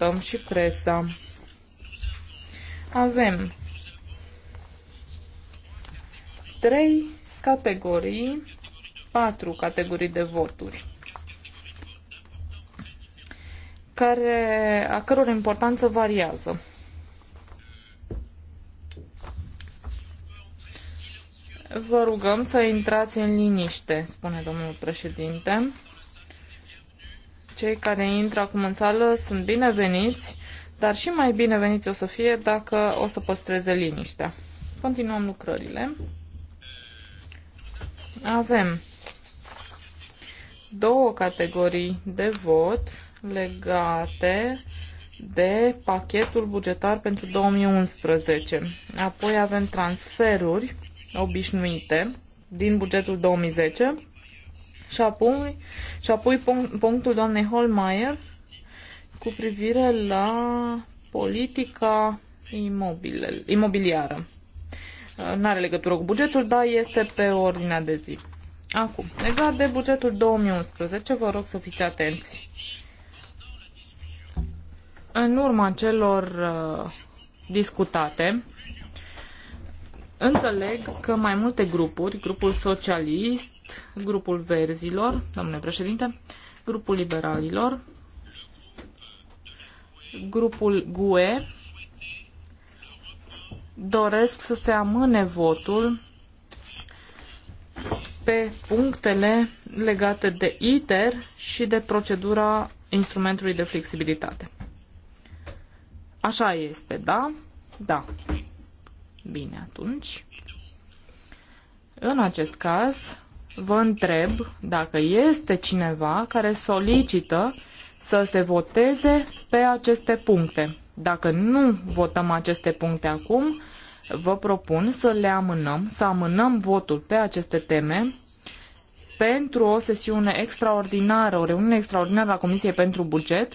ajutăm și presa. Avem trei categorii, patru categorii de voturi, care, a căror importanță variază. Vă rugăm să intrați în liniște, spune domnul președinte. Cei care intră acum în sală sunt bineveniți, dar și mai bineveniți o să fie dacă o să păstreze liniștea. Continuăm lucrările. Avem două categorii de vot legate de pachetul bugetar pentru 2011. Apoi avem transferuri obișnuite din bugetul 2010 și apoi, și apoi punctul doamnei Holmeier cu privire la politica imobilă, imobiliară. Nu are legătură cu bugetul, dar este pe ordinea de zi. Acum, legat de bugetul 2011, vă rog să fiți atenți. În urma celor uh, discutate, înțeleg că mai multe grupuri, grupul socialist, grupul verzilor, domnule președinte, grupul liberalilor, grupul GUE doresc să se amâne votul pe punctele legate de ITER și de procedura instrumentului de flexibilitate. Așa este, da? Da. Bine, atunci. În acest caz, vă întreb dacă este cineva care solicită să se voteze pe aceste puncte. Dacă nu votăm aceste puncte acum, vă propun să le amânăm, să amânăm votul pe aceste teme pentru o sesiune extraordinară, o reuniune extraordinară a Comisiei pentru Buget.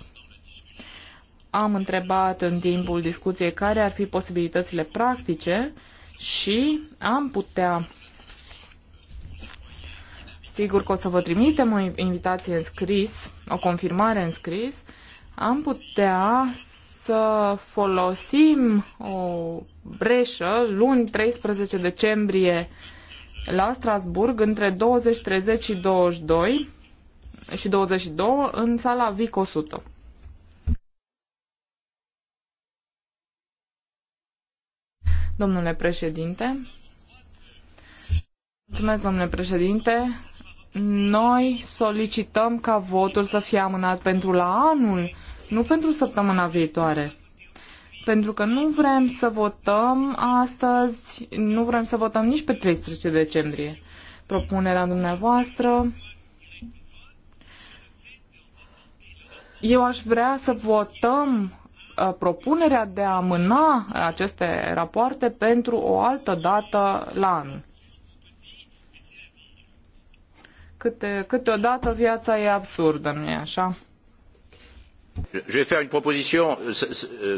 Am întrebat în timpul discuției care ar fi posibilitățile practice și am putea Sigur că o să vă trimitem o invitație în scris, o confirmare în scris. Am putea să folosim o breșă luni 13 decembrie la Strasburg între 20, 30 și 22 și 22 în sala VIC 100. Domnule președinte, noi solicităm ca votul să fie amânat pentru la anul, nu pentru săptămâna viitoare. Pentru că nu vrem să votăm astăzi, nu vrem să votăm nici pe 13 decembrie. Propunerea dumneavoastră eu aș vrea să votăm uh, propunerea de a amâna aceste rapoarte pentru o altă dată la anul. Câte, câteodată viața e absurdă, nu e așa? Je vais faire une proposition.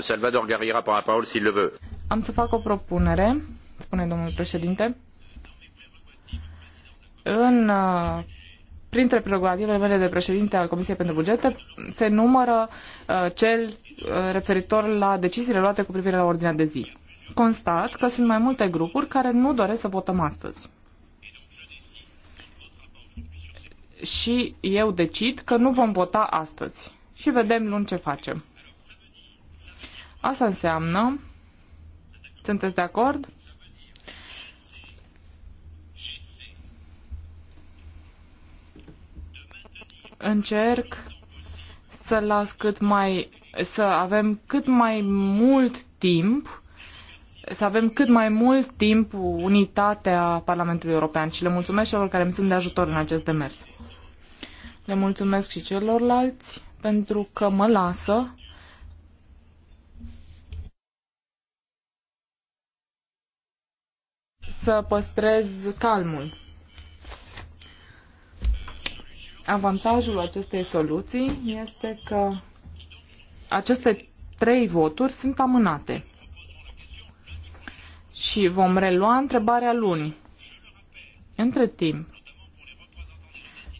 Salvador Garriera prend la parole s'il le veut. Am să fac o propunere, spune domnul președinte. În, uh, printre prerogativele mele de președinte al Comisiei pentru Bugete se numără uh, cel uh, referitor la deciziile luate cu privire la ordinea de zi. Constat că sunt mai multe grupuri care nu doresc să votăm astăzi. și eu decid că nu vom vota astăzi și vedem luni ce facem. Asta înseamnă, sunteți de acord? Încerc să las cât mai, să avem cât mai mult timp să avem cât mai mult timp unitatea Parlamentului European și le mulțumesc celor care mi sunt de ajutor în acest demers. Le mulțumesc și celorlalți pentru că mă lasă. să păstrez calmul. Avantajul acestei soluții este că aceste trei voturi sunt amânate. Și vom relua întrebarea luni. Între timp,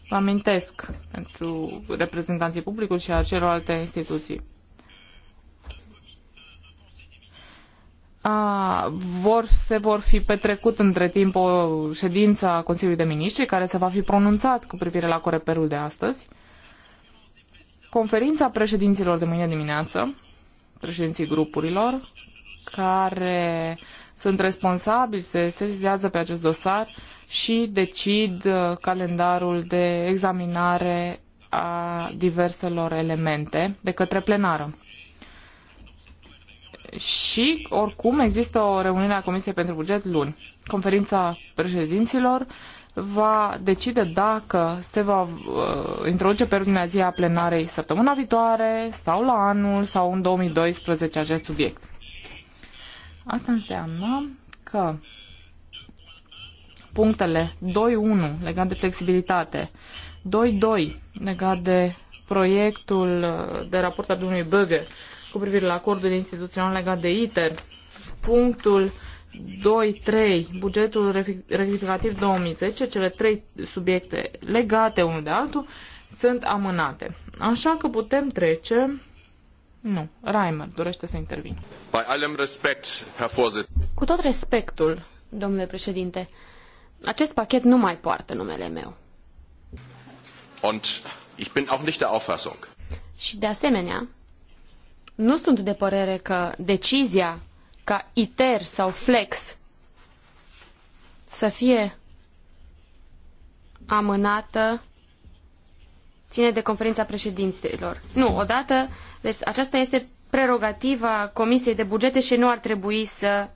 Vă amintesc pentru reprezentanții publicului și a celorlalte instituții. A, vor, se vor fi petrecut între timp o ședință a Consiliului de Miniștri care se va fi pronunțat cu privire la coreperul de astăzi. Conferința președinților de mâine dimineață, președinții grupurilor, care sunt responsabili, se sesizează pe acest dosar și decid uh, calendarul de examinare a diverselor elemente de către plenară. Și, oricum, există o reuniune a Comisiei pentru Buget luni. Conferința președinților va decide dacă se va uh, introduce pe ordinea zi a plenarei săptămâna viitoare sau la anul sau în 2012 acest subiect. Asta înseamnă că punctele 2.1 legat de flexibilitate, 2.2 legat de proiectul de raport al domnului Böge cu privire la acordul instituțional legat de ITER, punctul 2.3, bugetul rectificativ 2010, cele trei subiecte legate unul de altul, sunt amânate. Așa că putem trece nu. Reimer dorește să intervină. Păi, Cu tot respectul, domnule președinte, acest pachet nu mai poartă numele meu. Und ich bin auch nicht der Auffassung. Și de asemenea, nu sunt de părere că decizia ca ITER sau FLEX să fie amânată ține de conferința președinților. Nu, odată, deci aceasta este prerogativa Comisiei de Bugete și nu ar trebui să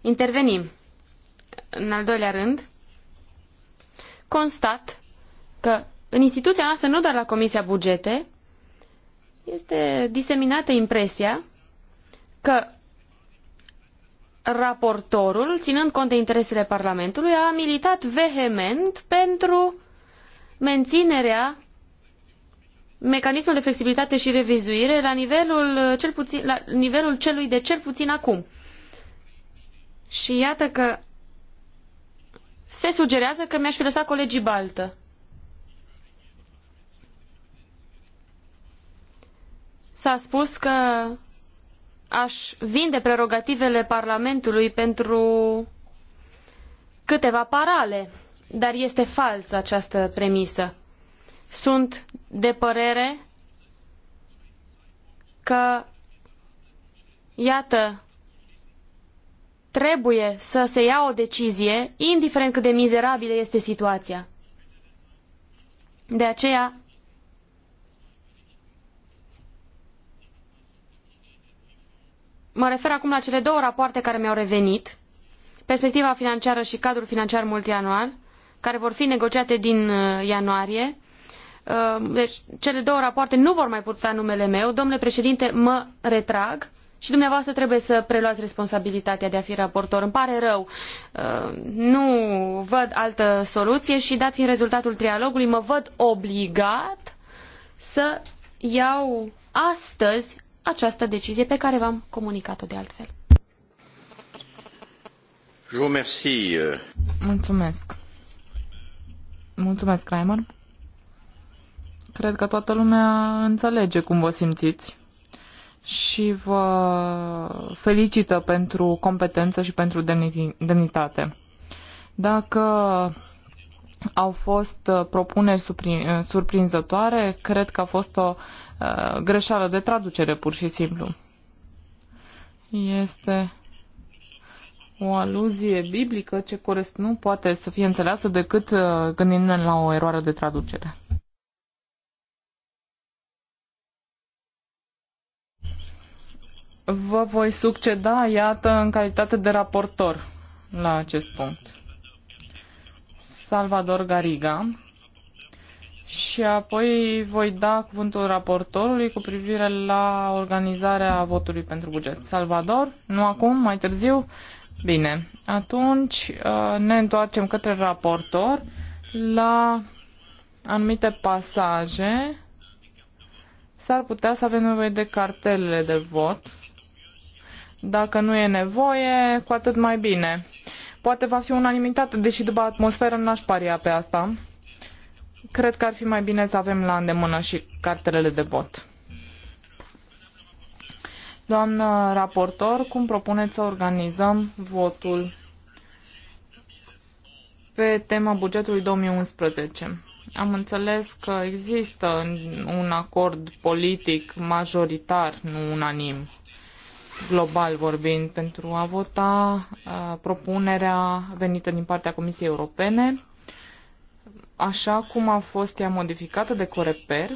intervenim. În al doilea rând, constat că în instituția noastră, nu doar la Comisia Bugete, este diseminată impresia că raportorul, ținând cont de interesele Parlamentului, a militat vehement pentru menținerea mecanismul de flexibilitate și revizuire la nivelul, uh, cel puțin, la nivelul celui de cel puțin acum. Și iată că se sugerează că mi-aș fi lăsat colegii baltă. S-a spus că aș vinde prerogativele Parlamentului pentru câteva parale, dar este falsă această premisă sunt de părere că, iată, trebuie să se ia o decizie, indiferent cât de mizerabilă este situația. De aceea, mă refer acum la cele două rapoarte care mi-au revenit, perspectiva financiară și cadrul financiar multianual, care vor fi negociate din uh, ianuarie, Ehm, deci, cele două rapoarte nu vor mai purta numele meu. Domnule președinte, mă retrag și dumneavoastră trebuie să preluați responsabilitatea de a fi raportor. Îmi pare rău, ehm, nu văd altă soluție și dat fiind rezultatul trialogului, mă văd obligat să iau astăzi această decizie pe care v-am comunicat-o de altfel. Euh. Mulțumesc. Mulțumesc, Kramer. Cred că toată lumea înțelege cum vă simțiți și vă felicită pentru competență și pentru demnitate. Dacă au fost uh, propuneri uh, surprinzătoare, cred că a fost o uh, greșeală de traducere pur și simplu. Este o aluzie biblică ce corest nu poate să fie înțeleasă decât gândindu-ne la o eroare de traducere. vă voi succeda, iată, în calitate de raportor la acest punct. Salvador Gariga și apoi voi da cuvântul raportorului cu privire la organizarea votului pentru buget. Salvador, nu acum, mai târziu? Bine, atunci uh, ne întoarcem către raportor la anumite pasaje s-ar putea să avem nevoie de cartelele de vot dacă nu e nevoie, cu atât mai bine. Poate va fi unanimitate, deși după atmosferă n-aș paria pe asta. Cred că ar fi mai bine să avem la îndemână și cartelele de vot. Doamnă raportor, cum propuneți să organizăm votul pe tema bugetului 2011? Am înțeles că există un acord politic majoritar, nu unanim global vorbind, pentru a vota uh, propunerea venită din partea Comisiei Europene, așa cum a fost ea modificată de Coreper,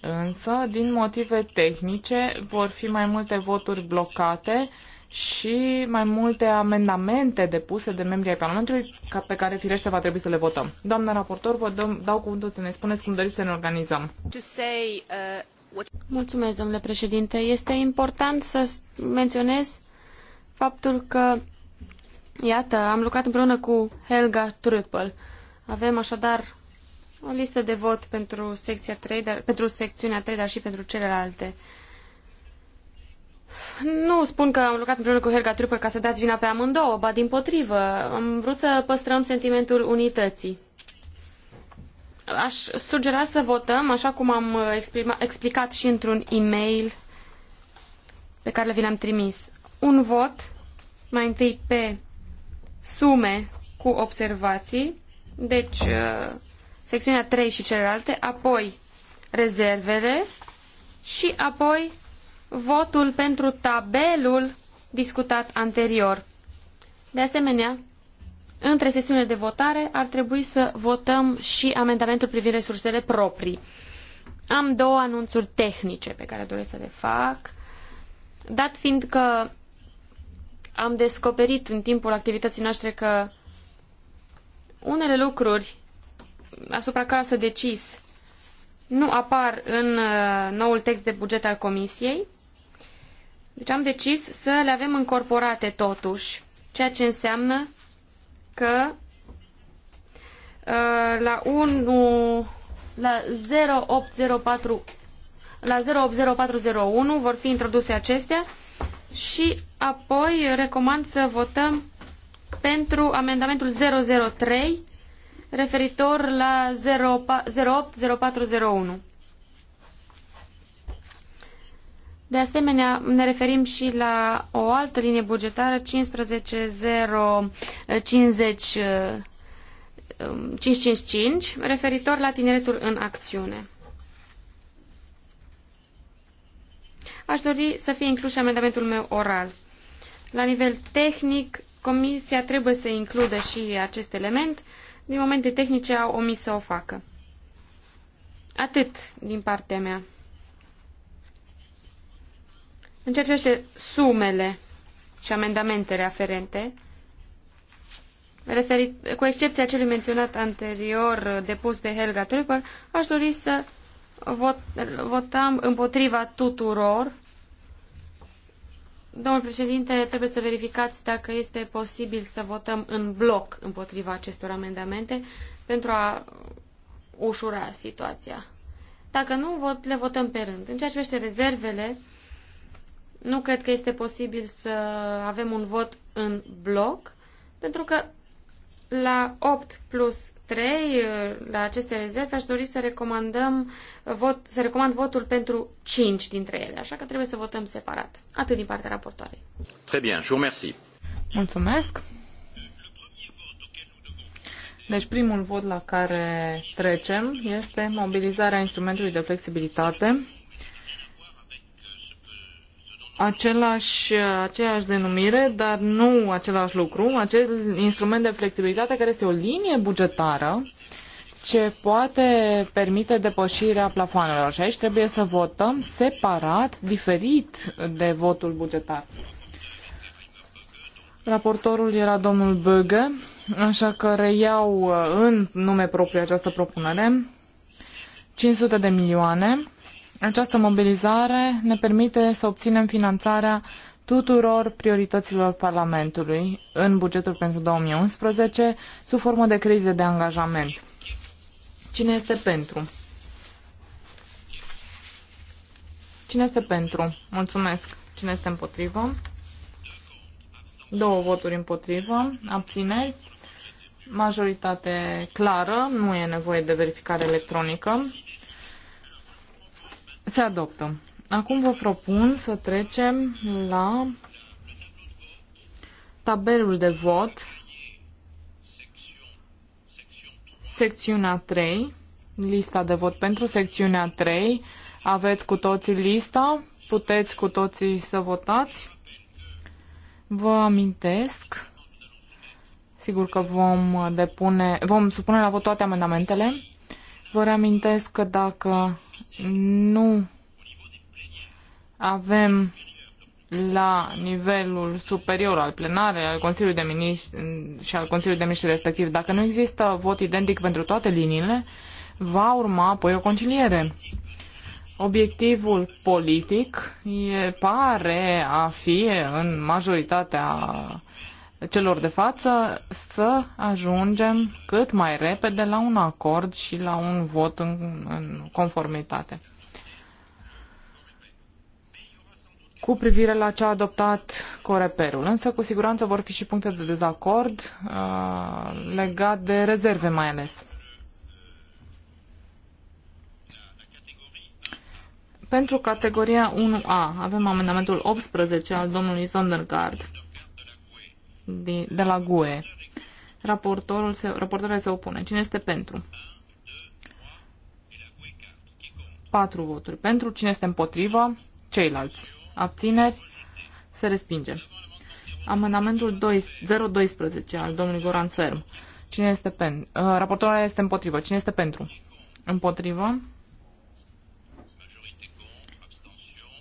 însă, din motive tehnice, vor fi mai multe voturi blocate și mai multe amendamente depuse de membrii Parlamentului ca pe care firește va trebui să le votăm. Doamna raportor, vă dau, dau cuvântul să ne spuneți cum doriți să ne organizăm. To say, uh domnule președinte. Este important să menționez faptul că, iată, am lucrat împreună cu Helga Trüppel. Avem așadar o listă de vot pentru, secția 3, dar, pentru secțiunea 3, dar și pentru celelalte. Nu spun că am lucrat împreună cu Helga Trüppel ca să dați vina pe amândouă, ba din potrivă. Am vrut să păstrăm sentimentul unității aș sugera să votăm, așa cum am uh, exprima, explicat și într-un e-mail pe care vi l-am trimis. Un vot, mai întâi pe sume cu observații, deci uh, secțiunea 3 și celelalte, apoi rezervele și apoi votul pentru tabelul discutat anterior. De asemenea, între sesiunile de votare ar trebui să votăm și amendamentul privind resursele proprii. Am două anunțuri tehnice pe care doresc să le fac. Dat fiind că am descoperit în timpul activității noastre că unele lucruri asupra care s-a decis nu apar în uh, noul text de buget al Comisiei. Deci am decis să le avem încorporate totuși, ceea ce înseamnă că uh, la 1 la 0804 la 080401 vor fi introduse acestea și apoi recomand să votăm pentru amendamentul 003 referitor la 080401. De asemenea, ne referim și la o altă linie bugetară, 150550 referitor la tineretul în acțiune. Aș dori să fie inclus și amendamentul meu oral. La nivel tehnic, Comisia trebuie să includă și acest element. Din momente tehnice au omis să o facă. Atât din partea mea. În ceea ce privește sumele și amendamentele aferente, referit, cu excepția celui menționat anterior depus de Helga Trüpper, aș dori să vot, votăm împotriva tuturor. Domnul președinte, trebuie să verificați dacă este posibil să votăm în bloc împotriva acestor amendamente pentru a ușura situația. Dacă nu, vot, le votăm pe rând. În ceea ce privește rezervele, nu cred că este posibil să avem un vot în bloc, pentru că la 8 plus 3, la aceste rezerve, aș dori să recomandăm vot, să recomand votul pentru 5 dintre ele, așa că trebuie să votăm separat. Atât din partea raportoarei. Très bien, je vous remercie. Mulțumesc. Deci primul vot la care trecem este mobilizarea instrumentului de flexibilitate același, aceeași denumire, dar nu același lucru, acel instrument de flexibilitate care este o linie bugetară ce poate permite depășirea plafoanelor. Și aici trebuie să votăm separat, diferit de votul bugetar. Raportorul era domnul Böge, așa că reiau uh, în nume propriu această propunere. 500 de milioane această mobilizare ne permite să obținem finanțarea tuturor priorităților Parlamentului în bugetul pentru 2011 sub formă de credite de angajament. Cine este pentru? Cine este pentru? Mulțumesc. Cine este împotrivă? Două voturi împotrivă. Abțineri. Majoritate clară. Nu e nevoie de verificare electronică. Se adoptă. Acum vă propun să trecem la tabelul de vot, secțiunea 3, lista de vot pentru secțiunea 3. Aveți cu toții lista, puteți cu toții să votați. Vă amintesc, sigur că vom depune, vom supune la vot toate amendamentele. Vă reamintesc că dacă nu avem la nivelul superior al plenarei, al Consiliului de Miniștri și al Consiliului de Miniștri respectiv, dacă nu există vot identic pentru toate liniile, va urma apoi o conciliere. Obiectivul politic e, pare a fi în majoritatea celor de față să ajungem cât mai repede la un acord și la un vot în, în conformitate. cu privire la ce a adoptat Coreperul. Însă, cu siguranță, vor fi și puncte de dezacord uh, legat de rezerve mai ales. Pentru categoria 1A avem amendamentul 18 al domnului Sondergaard de la GUE. Raportorul se, raportorul se opune. Cine este pentru? 4 voturi pentru. Cine este împotrivă? Ceilalți. Abțineri? Se respinge. Amendamentul 012 al domnului Goran Ferm. Cine este pentru? Uh, raportorul este împotrivă. Cine este pentru? Împotrivă.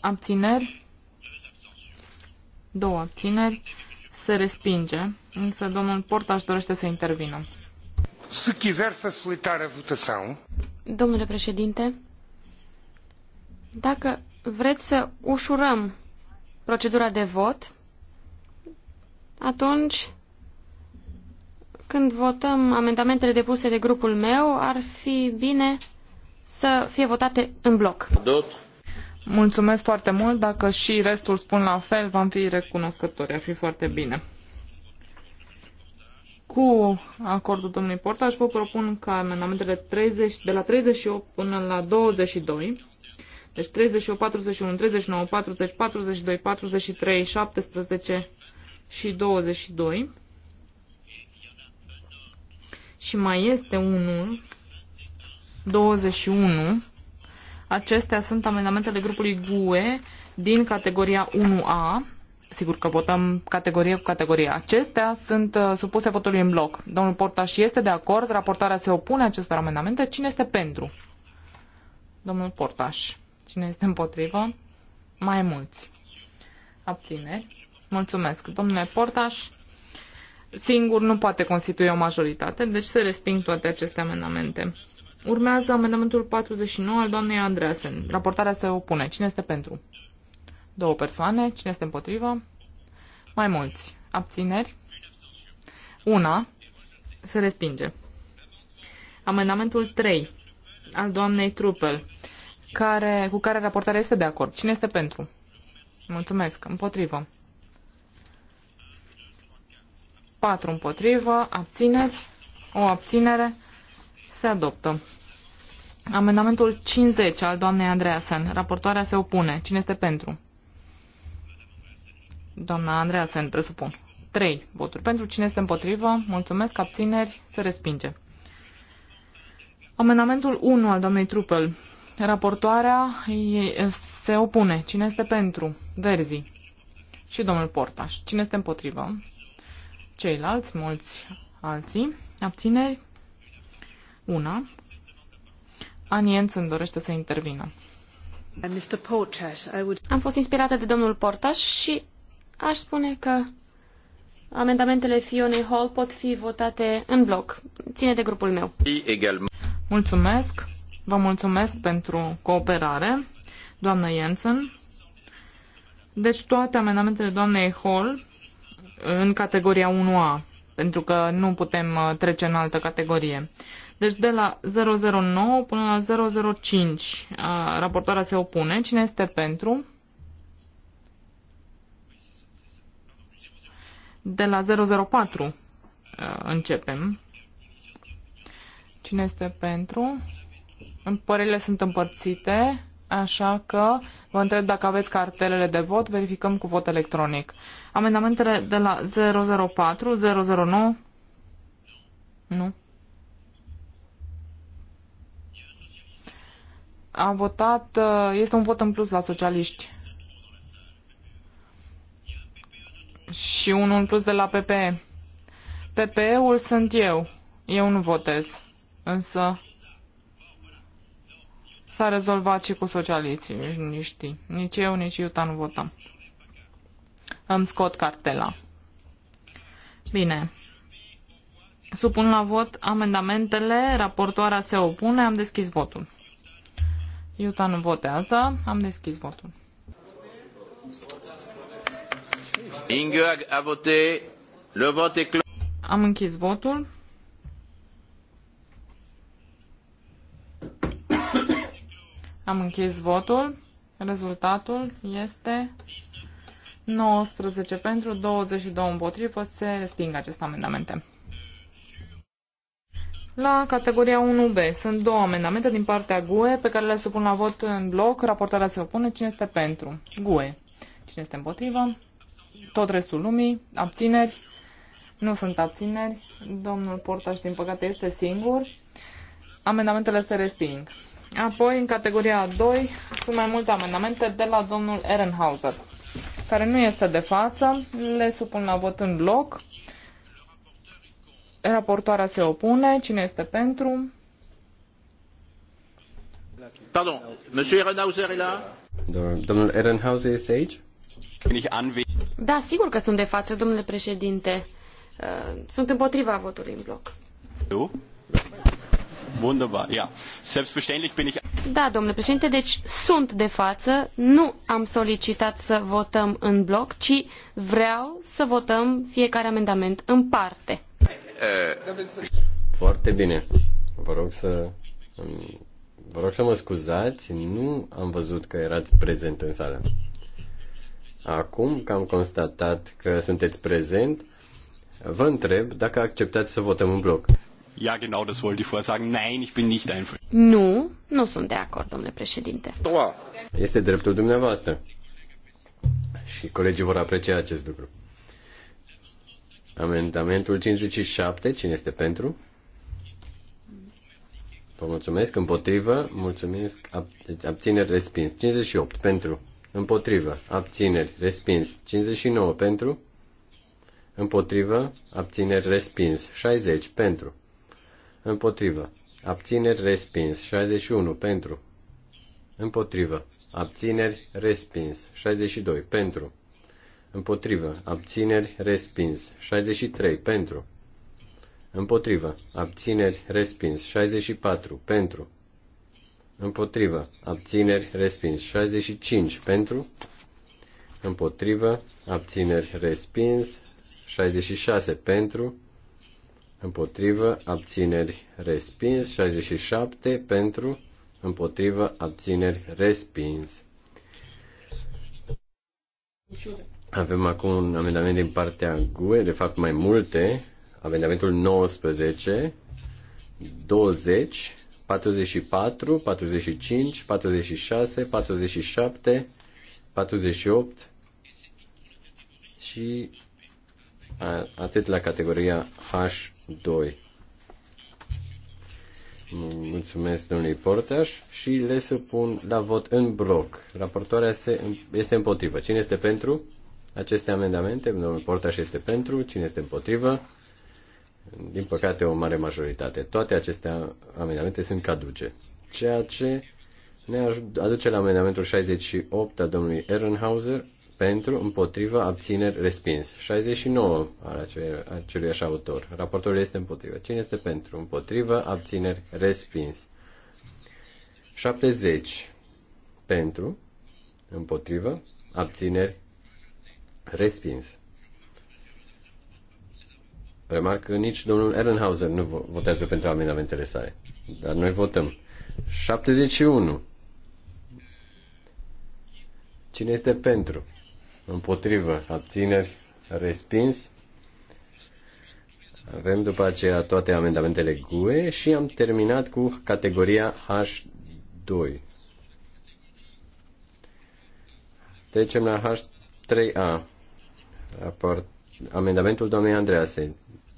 Abțineri? Două abțineri se respinge, însă domnul Portaș dorește să intervină. Se quiser facilitar a votação. Domnule președinte, dacă vreți să ușurăm procedura de vot, atunci când votăm amendamentele depuse de grupul meu, ar fi bine să fie votate în bloc. Dot. Mulțumesc foarte mult. Dacă și restul spun la fel, v-am fi recunoscători. Ar fi foarte bine. Cu acordul domnului Portaș vă propun ca amendamentele 30, de la 38 până la 22, deci 38, 41, 39, 40, 42, 43, 17 și 22. Și mai este unul, 21, Acestea sunt amendamentele grupului GUE din categoria 1A. Sigur că votăm categorie cu categorie. Acestea sunt uh, supuse votului în bloc. Domnul Portaș este de acord, raportarea se opune acestor amendamente. Cine este pentru? Domnul Portaș. Cine este împotrivă? Mai mulți. Abțineri. Mulțumesc. Domnule Portaș, singur nu poate constitui o majoritate, deci se resping toate aceste amendamente. Urmează amendamentul 49 al doamnei Andreasen. Raportarea se opune. Cine este pentru? Două persoane. Cine este împotrivă? Mai mulți. Abțineri? Una. Se respinge. Amendamentul 3 al doamnei Trupel, care, cu care raportarea este de acord. Cine este pentru? Mulțumesc. Împotrivă. 4 împotrivă, abțineri, o abținere. Se adoptă. Amendamentul 50 al doamnei Andreasen. Raportoarea se opune. Cine este pentru? Doamna Andreasen, presupun. 3 voturi pentru. Cine este împotrivă? Mulțumesc. Abțineri. Se respinge. Amendamentul 1 al doamnei Trupel. Raportoarea se opune. Cine este pentru? Verzi. Și domnul Portaș. Cine este împotrivă? Ceilalți, mulți alții. Abțineri. Una, Anien îmi dorește să intervină. Am fost inspirată de domnul Portaș și aș spune că amendamentele Fionei Hall pot fi votate în bloc. Ține de grupul meu. Mulțumesc. Vă mulțumesc pentru cooperare, doamnă Jensen. Deci toate amendamentele doamnei Hall în categoria 1A, pentru că nu putem uh, trece în altă categorie. Deci de la 009 până la 005 raportoarea se opune. Cine este pentru? De la 004 începem. Cine este pentru? Părerile sunt împărțite, așa că vă întreb dacă aveți cartelele de vot, verificăm cu vot electronic. Amendamentele de la 004, 009? Nu. a votat, uh, este un vot în plus la socialiști. Și unul în plus de la PPE. PPE-ul sunt eu. Eu nu votez. Însă s-a rezolvat și cu socialiții, nu știi. Nici eu, nici Iuta nu votăm. Îmi scot cartela. Bine. Supun la vot amendamentele, raportoarea se opune, am deschis votul. Iuta nu votează. Am deschis votul. Ingeag a voté. Le vot est clos. Am închis votul. Am închis votul. Rezultatul este 19 pentru, 22 împotrivă. Se resping aceste amendamente. La categoria 1B sunt două amendamente din partea GUE pe care le supun la vot în bloc. Raportarea se opune. Cine este pentru? GUE. Cine este împotrivă? Tot restul lumii. Abțineri? Nu sunt abțineri. Domnul Portaș, din păcate, este singur. Amendamentele se resping. Apoi, în categoria 2, sunt mai multe amendamente de la domnul Ehrenhauser, care nu este de față. Le supun la vot în bloc. Raportoarea se opune. Cine este pentru? Pardon, Monsieur Ehrenhauser e la? Domnul Ehrenhauser este aici? Da, sigur că sunt de față, domnule președinte. Uh, sunt împotriva votului în bloc. Eu? Wunderbar, ja. Selbstverständlich bin ich... Da, domnule președinte, deci sunt de față, nu am solicitat să votăm în bloc, ci vreau să votăm fiecare amendament în parte. Foarte bine. Vă rog să... Vă rog să mă scuzați, nu am văzut că erați prezent în sală. Acum că am constatat că sunteți prezent, vă întreb dacă acceptați să votăm în bloc. Ja, genau, das wollte ich vorher sagen. Nein, ich bin nicht einverstanden. Nu, nu sunt de acord, domnule președinte. Este dreptul dumneavoastră. Și colegii vor aprecia acest lucru. Amendamentul 57, cine este pentru? Vă mulțumesc, împotrivă, mulțumesc, ab- deci abțineri, respins. 58, pentru, împotrivă, abțineri, respins. 59, pentru, împotrivă, abțineri, respins. 60, pentru, împotrivă, abțineri, respins. 61, pentru, împotrivă, abțineri, respins. 62, pentru, Împotrivă. Abțineri. Respins. 63. Pentru. Împotrivă. Abțineri. Respins. 64. Pentru. Împotrivă. Abțineri. Respins. 65. Pentru. Împotrivă. Abțineri. Respins. 66. Pentru. Împotrivă. Abțineri. Respins. 67. Pentru. Împotrivă. Abțineri. Respins. Niciodată. Avem acum un amendament din partea GUE, de fapt mai multe, amendamentul 19, 20, 44, 45, 46, 47, 48 și atât la categoria H2. Mulțumesc domnului Portaș și le supun la vot în bloc. Raportoarea se, este împotrivă. Cine este pentru? aceste amendamente. Domnul Portaș este pentru, cine este împotrivă? Din păcate, o mare majoritate. Toate aceste amendamente sunt caduce. Ceea ce ne aduce la amendamentul 68 al domnului Ehrenhauser pentru, împotriva abțineri, respins. 69 al acelui așa autor. Raportorul este împotrivă. Cine este pentru? Împotrivă, abțineri, respins. 70 pentru, împotrivă, abțineri, Respins. Remarc că nici domnul Ehrenhauser nu votează pentru amendamentele sale. Dar noi votăm. 71. Cine este pentru? Împotrivă. Abțineri. Respins. Avem după aceea toate amendamentele GUE și am terminat cu categoria H2. Trecem la H3A. Aport, amendamentul doamnei Andreasen.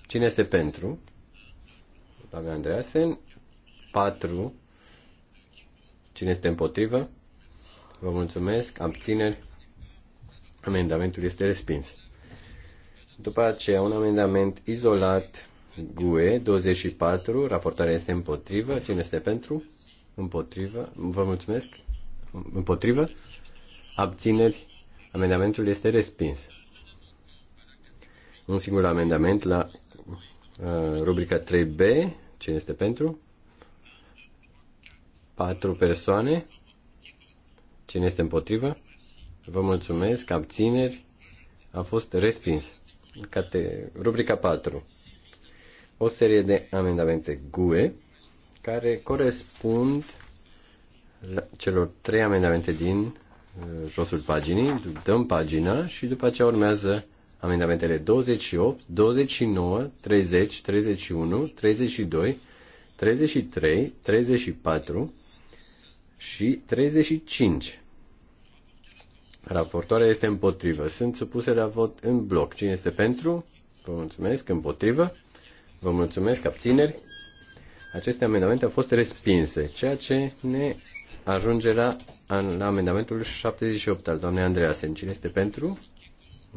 Cine este pentru? Doamne Andreasen. 4. Cine este împotrivă? Vă mulțumesc. Abțineri. Amendamentul este respins. După aceea, un amendament izolat GUE 24. Raportarea este împotrivă. Cine este pentru? Împotrivă. Vă mulțumesc. Împotrivă. Abțineri. Amendamentul este respins un singur amendament la uh, rubrica 3B. Cine este pentru? Patru persoane. Cine este împotrivă? Vă mulțumesc. Abțineri. A fost respins. Cate... Rubrica 4. O serie de amendamente GUE care corespund la celor trei amendamente din uh, josul paginii. Dăm pagina și după aceea urmează Amendamentele 28, 29, 30, 31, 32, 33, 34 și 35. Raportoarea este împotrivă. Sunt supuse la vot în bloc. Cine este pentru? Vă mulțumesc. Împotrivă? Vă mulțumesc. Abțineri? Aceste amendamente au fost respinse, ceea ce ne ajunge la, la amendamentul 78 al doamnei Andreasen. Cine este pentru?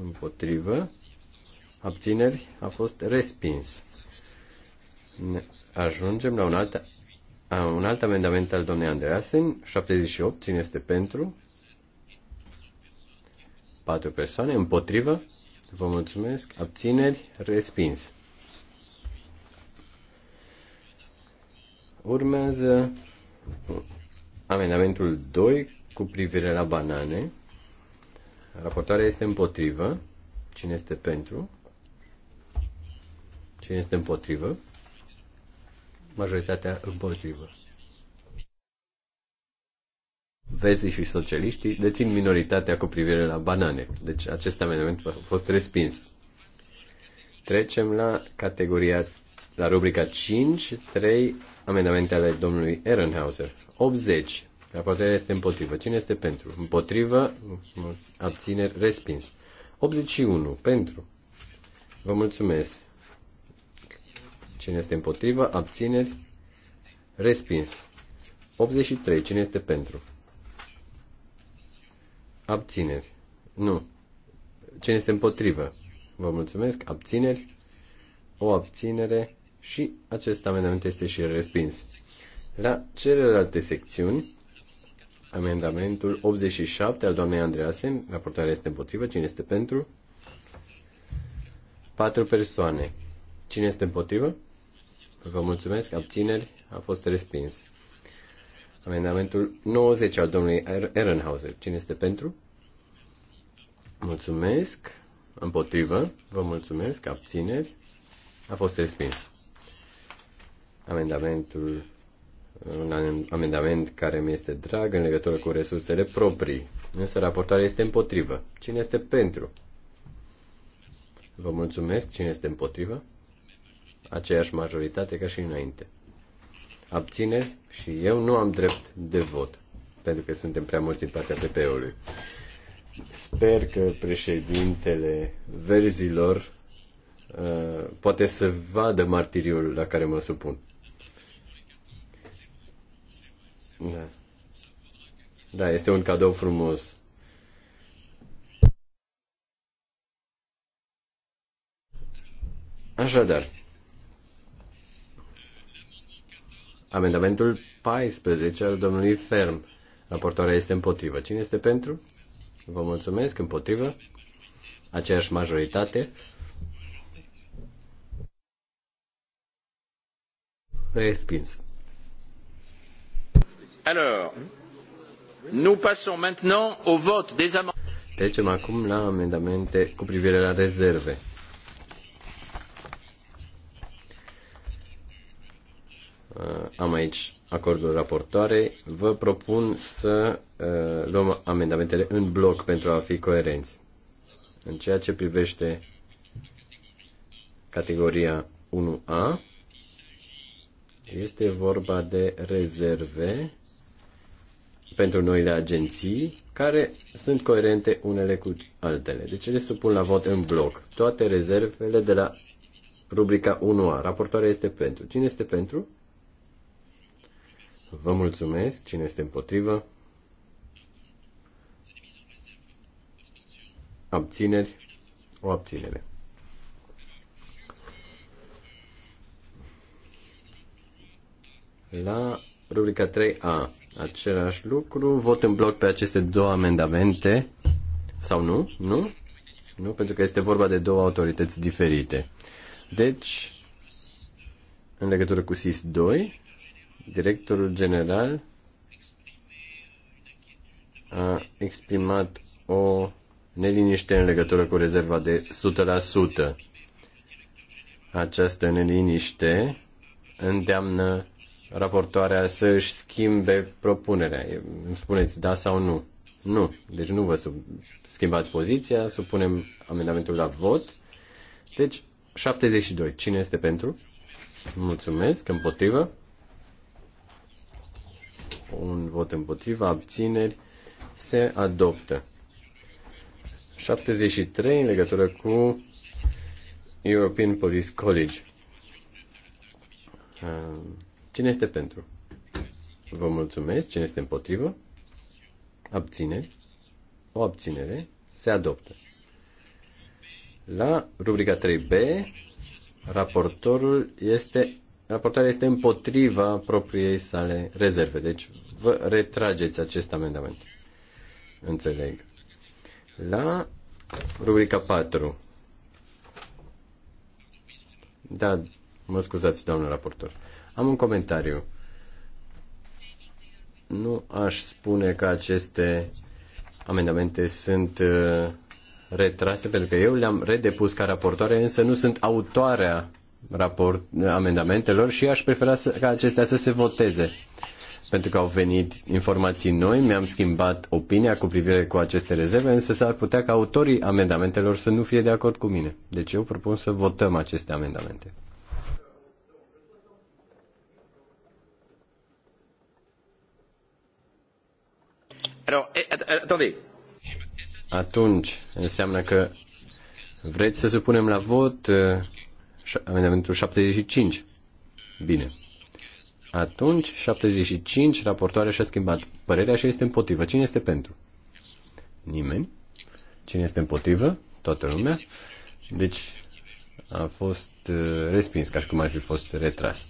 împotrivă, abțineri, a fost respins. Ne ajungem la un alt, a, un alt amendament al domnului Andreasen, 78, cine este pentru? Patru persoane, împotrivă, vă mulțumesc, abțineri, respins. Urmează amendamentul 2 cu privire la banane. Raportarea este împotrivă. Cine este pentru? Cine este împotrivă? Majoritatea împotrivă. Vezi și socialiștii dețin minoritatea cu privire la banane. Deci acest amendament a fost respins. Trecem la categoria, la rubrica 5, 3 amendamente ale domnului Ehrenhauser. 80 poate este împotrivă. Cine este pentru? Împotrivă, abțineri, respins. 81. Pentru. Vă mulțumesc. Cine este împotrivă? Abțineri. Respins. 83. Cine este pentru? Abțineri. Nu. Cine este împotrivă? Vă mulțumesc. Abțineri. O abținere. Și acest amendament este și respins. La celelalte secțiuni, Amendamentul 87 al doamnei Andreasen, raportarea este împotrivă, cine este pentru? Patru persoane. Cine este împotrivă? Vă mulțumesc, abțineri, a fost respins. Amendamentul 90 al domnului er- Ehrenhauser. Cine este pentru? Mulțumesc. Împotrivă. Vă mulțumesc. Abțineri. A fost respins. Amendamentul un amendament care mi este drag în legătură cu resursele proprii. Însă raportarea este împotrivă. Cine este pentru? Vă mulțumesc. Cine este împotrivă? Aceeași majoritate ca și înainte. Abține și eu nu am drept de vot, pentru că suntem prea mulți în partea PP-ului. Sper că președintele verzilor uh, poate să vadă martiriul la care mă supun. Da. Da, este un cadou frumos. Așadar, amendamentul 14 al domnului Ferm. Raportoarea este împotrivă. Cine este pentru? Vă mulțumesc. Împotrivă? Aceeași majoritate. Respins nous passons maintenant au vote des amendements. Trecem acum la amendamente cu privire la rezerve. Uh, am aici acordul raportoarei. Vă propun să uh, luăm amendamentele în bloc pentru a fi coerenți. În ceea ce privește categoria 1A, este vorba de rezerve pentru noile agenții, care sunt coerente unele cu altele. Deci le supun la vot în bloc toate rezervele de la rubrica 1A. Raportoarea este pentru. Cine este pentru? Vă mulțumesc. Cine este împotrivă? Abțineri? O abținere. La rubrica 3A Același lucru, vot în bloc pe aceste două amendamente sau nu? Nu? Nu, pentru că este vorba de două autorități diferite. Deci, în legătură cu SIS-2, directorul general a exprimat o neliniște în legătură cu rezerva de 100%. Această neliniște îndeamnă raportoarea să își schimbe propunerea. Îmi spuneți da sau nu. Nu. Deci nu vă sub... schimbați poziția, supunem amendamentul la vot. Deci 72. Cine este pentru? Mulțumesc. Împotrivă? Un vot împotrivă. Abțineri. Se adoptă. 73 în legătură cu European Police College. Uh, Cine este pentru? Vă mulțumesc. Cine este împotrivă? Abțineri. O abținere se adoptă. La rubrica 3b, raportorul este, raportarea este împotriva propriei sale rezerve. Deci vă retrageți acest amendament. Înțeleg. La rubrica 4. Da, mă scuzați, doamnă raportor. Am un comentariu. Nu aș spune că aceste amendamente sunt uh, retrase, pentru că eu le-am redepus ca raportoare, însă nu sunt autoarea raport, amendamentelor și aș prefera să, ca acestea să se voteze. Pentru că au venit informații noi, mi-am schimbat opinia cu privire cu aceste rezerve, însă s-ar putea ca autorii amendamentelor să nu fie de acord cu mine. Deci eu propun să votăm aceste amendamente. Eh, eh, Atunci, înseamnă că vreți să supunem la vot eh, amendamentul 75. Bine. Atunci, 75, raportoarea și-a schimbat părerea și este împotrivă. Cine este pentru? Nimeni. Cine este împotrivă? Toată lumea. Deci, a fost respins, ca și cum ar fi fost retras.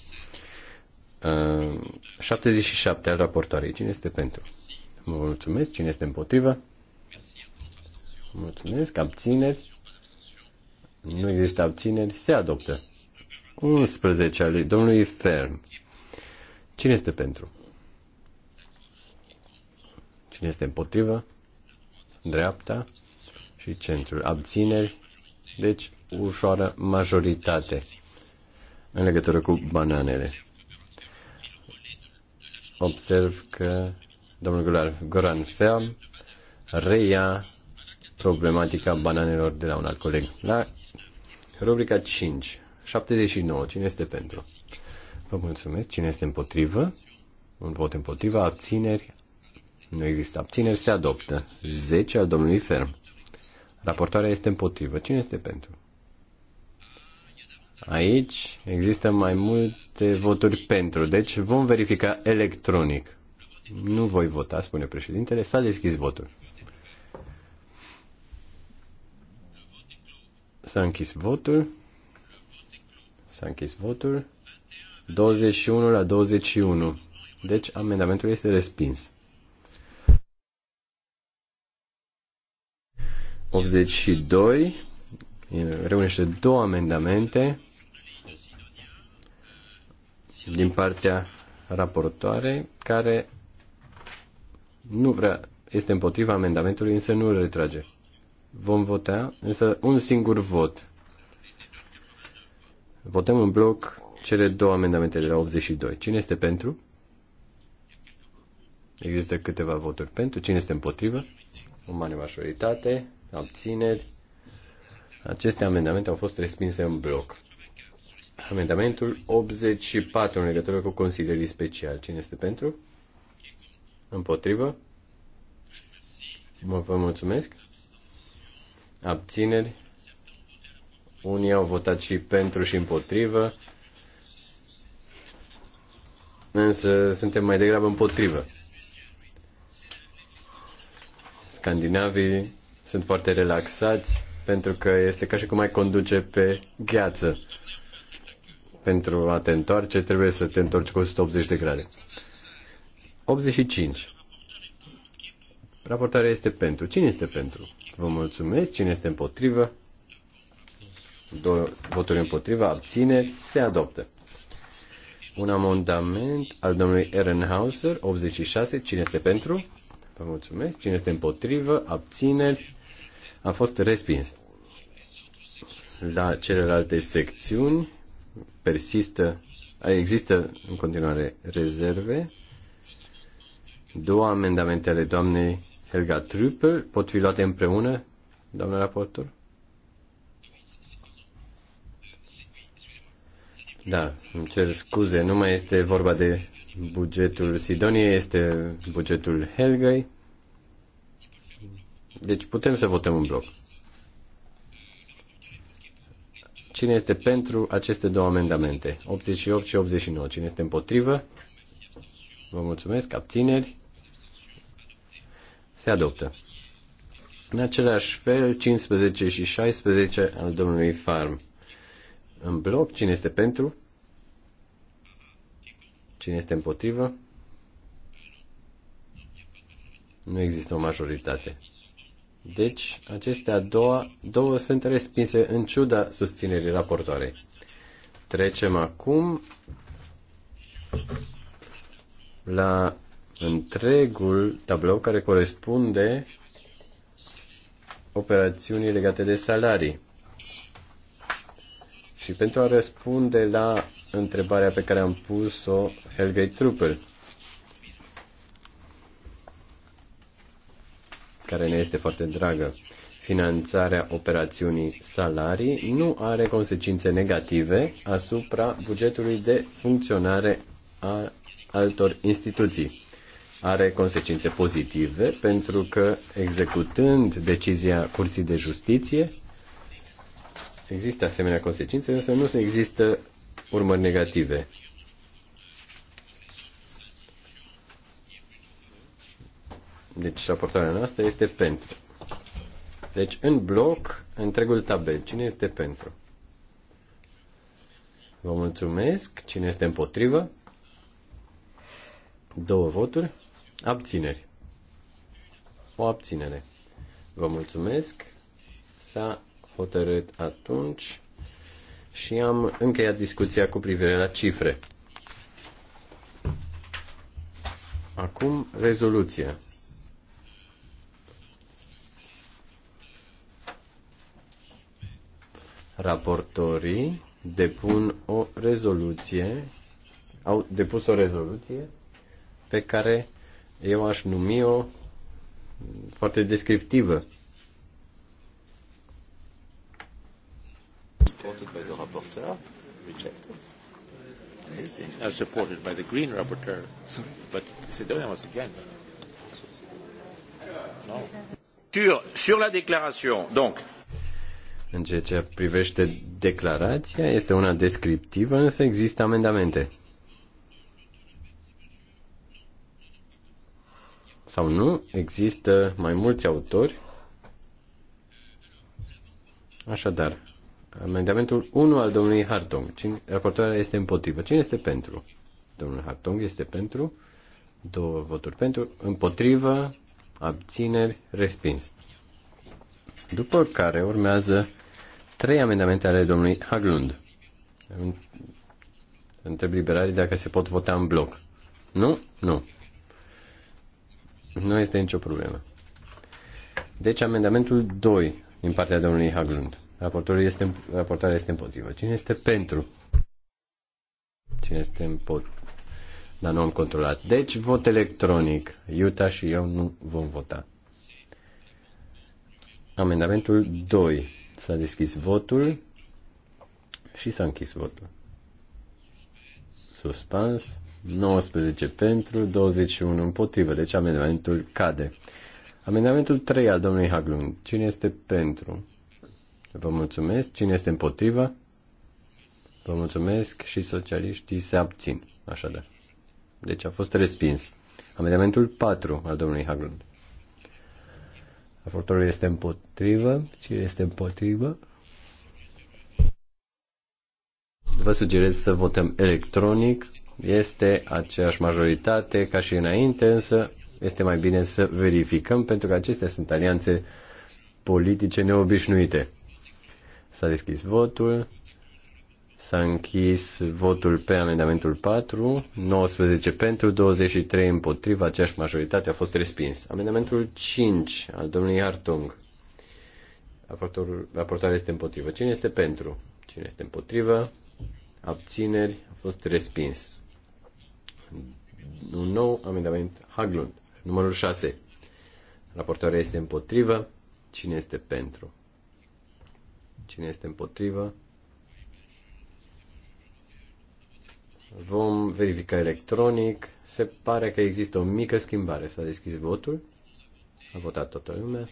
Uh, 77 al raportoarei. Cine este pentru? Vă mulțumesc. Cine este împotrivă? Mulțumesc. Abțineri? Nu există abțineri. Se adoptă. 11 al domnului Ferm. Cine este pentru? Cine este împotrivă? Dreapta și centrul. Abțineri, deci ușoară majoritate în legătură cu bananele. Observ că domnul Goran Feam reia problematica bananelor de la un alt coleg. La rubrica 5, 79, cine este pentru? Vă mulțumesc. Cine este împotrivă? Un vot împotriva, abțineri. Nu există abțineri, se adoptă. 10 al domnului Ferm. Raportarea este împotrivă. Cine este pentru? Aici există mai multe voturi pentru, deci vom verifica electronic. Nu voi vota, spune președintele. S-a deschis votul. S-a închis votul. S-a închis votul. 21 la 21. Deci amendamentul este respins. 82 reunește două amendamente din partea raportoare care nu vrea, este împotriva amendamentului, însă nu îl retrage. Vom vota, însă un singur vot. Votăm în bloc cele două amendamente de la 82. Cine este pentru? Există câteva voturi pentru. Cine este împotrivă? O mare majoritate. Abțineri. Aceste amendamente au fost respinse în bloc. Amendamentul 84 în legătură cu consilierii special. Cine este pentru? Împotrivă? Mă vă mulțumesc. Abțineri? Unii au votat și pentru și împotrivă. Însă suntem mai degrabă împotrivă. Scandinavii sunt foarte relaxați pentru că este ca și cum ai conduce pe gheață. Pentru a te întoarce trebuie să te întorci cu 180 de grade. 85. Raportarea este pentru. Cine este pentru? Vă mulțumesc. Cine este împotrivă? Două voturi împotrivă. abțineri, se adoptă. Un amendament al domnului Ehrenhauser, 86. Cine este pentru? Vă mulțumesc. Cine este împotrivă? Abțineri. A fost respins. La celelalte secțiuni persistă, există în continuare rezerve două amendamente ale doamnei Helga Trüppel pot fi luate împreună, doamnă raportor? Da, îmi cer scuze, nu mai este vorba de bugetul Sidoniei, este bugetul Helgei. Deci putem să votăm în bloc. Cine este pentru aceste două amendamente? 88 și 89. Cine este împotrivă? Vă mulțumesc. Abțineri? Se adoptă. În același fel, 15 și 16 al domnului Farm. În bloc, cine este pentru? Cine este împotrivă? Nu există o majoritate. Deci, acestea două, două sunt respinse în ciuda susținerii raportoarei. Trecem acum la întregul tablou care corespunde operațiunii legate de salarii. Și pentru a răspunde la întrebarea pe care am pus-o Helge Truppel, care ne este foarte dragă. Finanțarea operațiunii salarii nu are consecințe negative asupra bugetului de funcționare a altor instituții are consecințe pozitive pentru că executând decizia Curții de Justiție există asemenea consecințe, însă nu există urmări negative. Deci raportarea noastră este pentru. Deci în bloc, întregul tabel, cine este pentru? Vă mulțumesc. Cine este împotrivă? Două voturi. Abțineri. O abținere. Vă mulțumesc. S-a hotărât atunci și am încheiat discuția cu privire la cifre. Acum rezoluția. Raportorii depun o rezoluție, au depus o rezoluție pe care eu aș numi-o foarte descriptivă. Supported by the rapporteur, rejected. Now supported by the green rapporteur. Sorry. But Sedonia was again. No. Sur, sur la déclaration, donc. În ceea ce privește declarația, este una descriptivă, însă există amendamente. sau nu, există mai mulți autori. Așadar, amendamentul 1 al domnului Hartong. Cine, raportarea este împotrivă. Cine este pentru? Domnul Hartong este pentru. Două voturi pentru. Împotrivă. Abțineri. Respins. După care urmează trei amendamente ale domnului Haglund. Întreb liberalii dacă se pot vota în bloc. Nu? Nu. Nu este nicio problemă. Deci amendamentul 2 din partea domnului Haglund. Raportorul este, raportarea este împotrivă. Cine este pentru? Cine este împotrivă? Dar nu am controlat. Deci vot electronic. Iuta și eu nu vom vota. Amendamentul 2. S-a deschis votul și s-a închis votul. Suspans. 19 pentru, 21 împotrivă, deci amendamentul cade. Amendamentul 3 al domnului Haglund. Cine este pentru? Vă mulțumesc. Cine este împotrivă? Vă mulțumesc și socialiștii se abțin. Așadar. Deci a fost respins. Amendamentul 4 al domnului Haglund. Raportorul este împotrivă. Cine este împotrivă? Vă sugerez să votăm electronic este aceeași majoritate ca și înainte, însă este mai bine să verificăm, pentru că acestea sunt alianțe politice neobișnuite. S-a deschis votul, s-a închis votul pe amendamentul 4, 19 pentru, 23 împotriva, aceeași majoritate a fost respins. Amendamentul 5 al domnului Hartung. Raportarea este împotrivă. Cine este pentru? Cine este împotrivă? Abțineri, a fost respins un nou amendament Haglund, numărul 6. Raportoarea este împotrivă. Cine este pentru? Cine este împotrivă? Vom verifica electronic. Se pare că există o mică schimbare. S-a deschis votul. A votat toată lumea.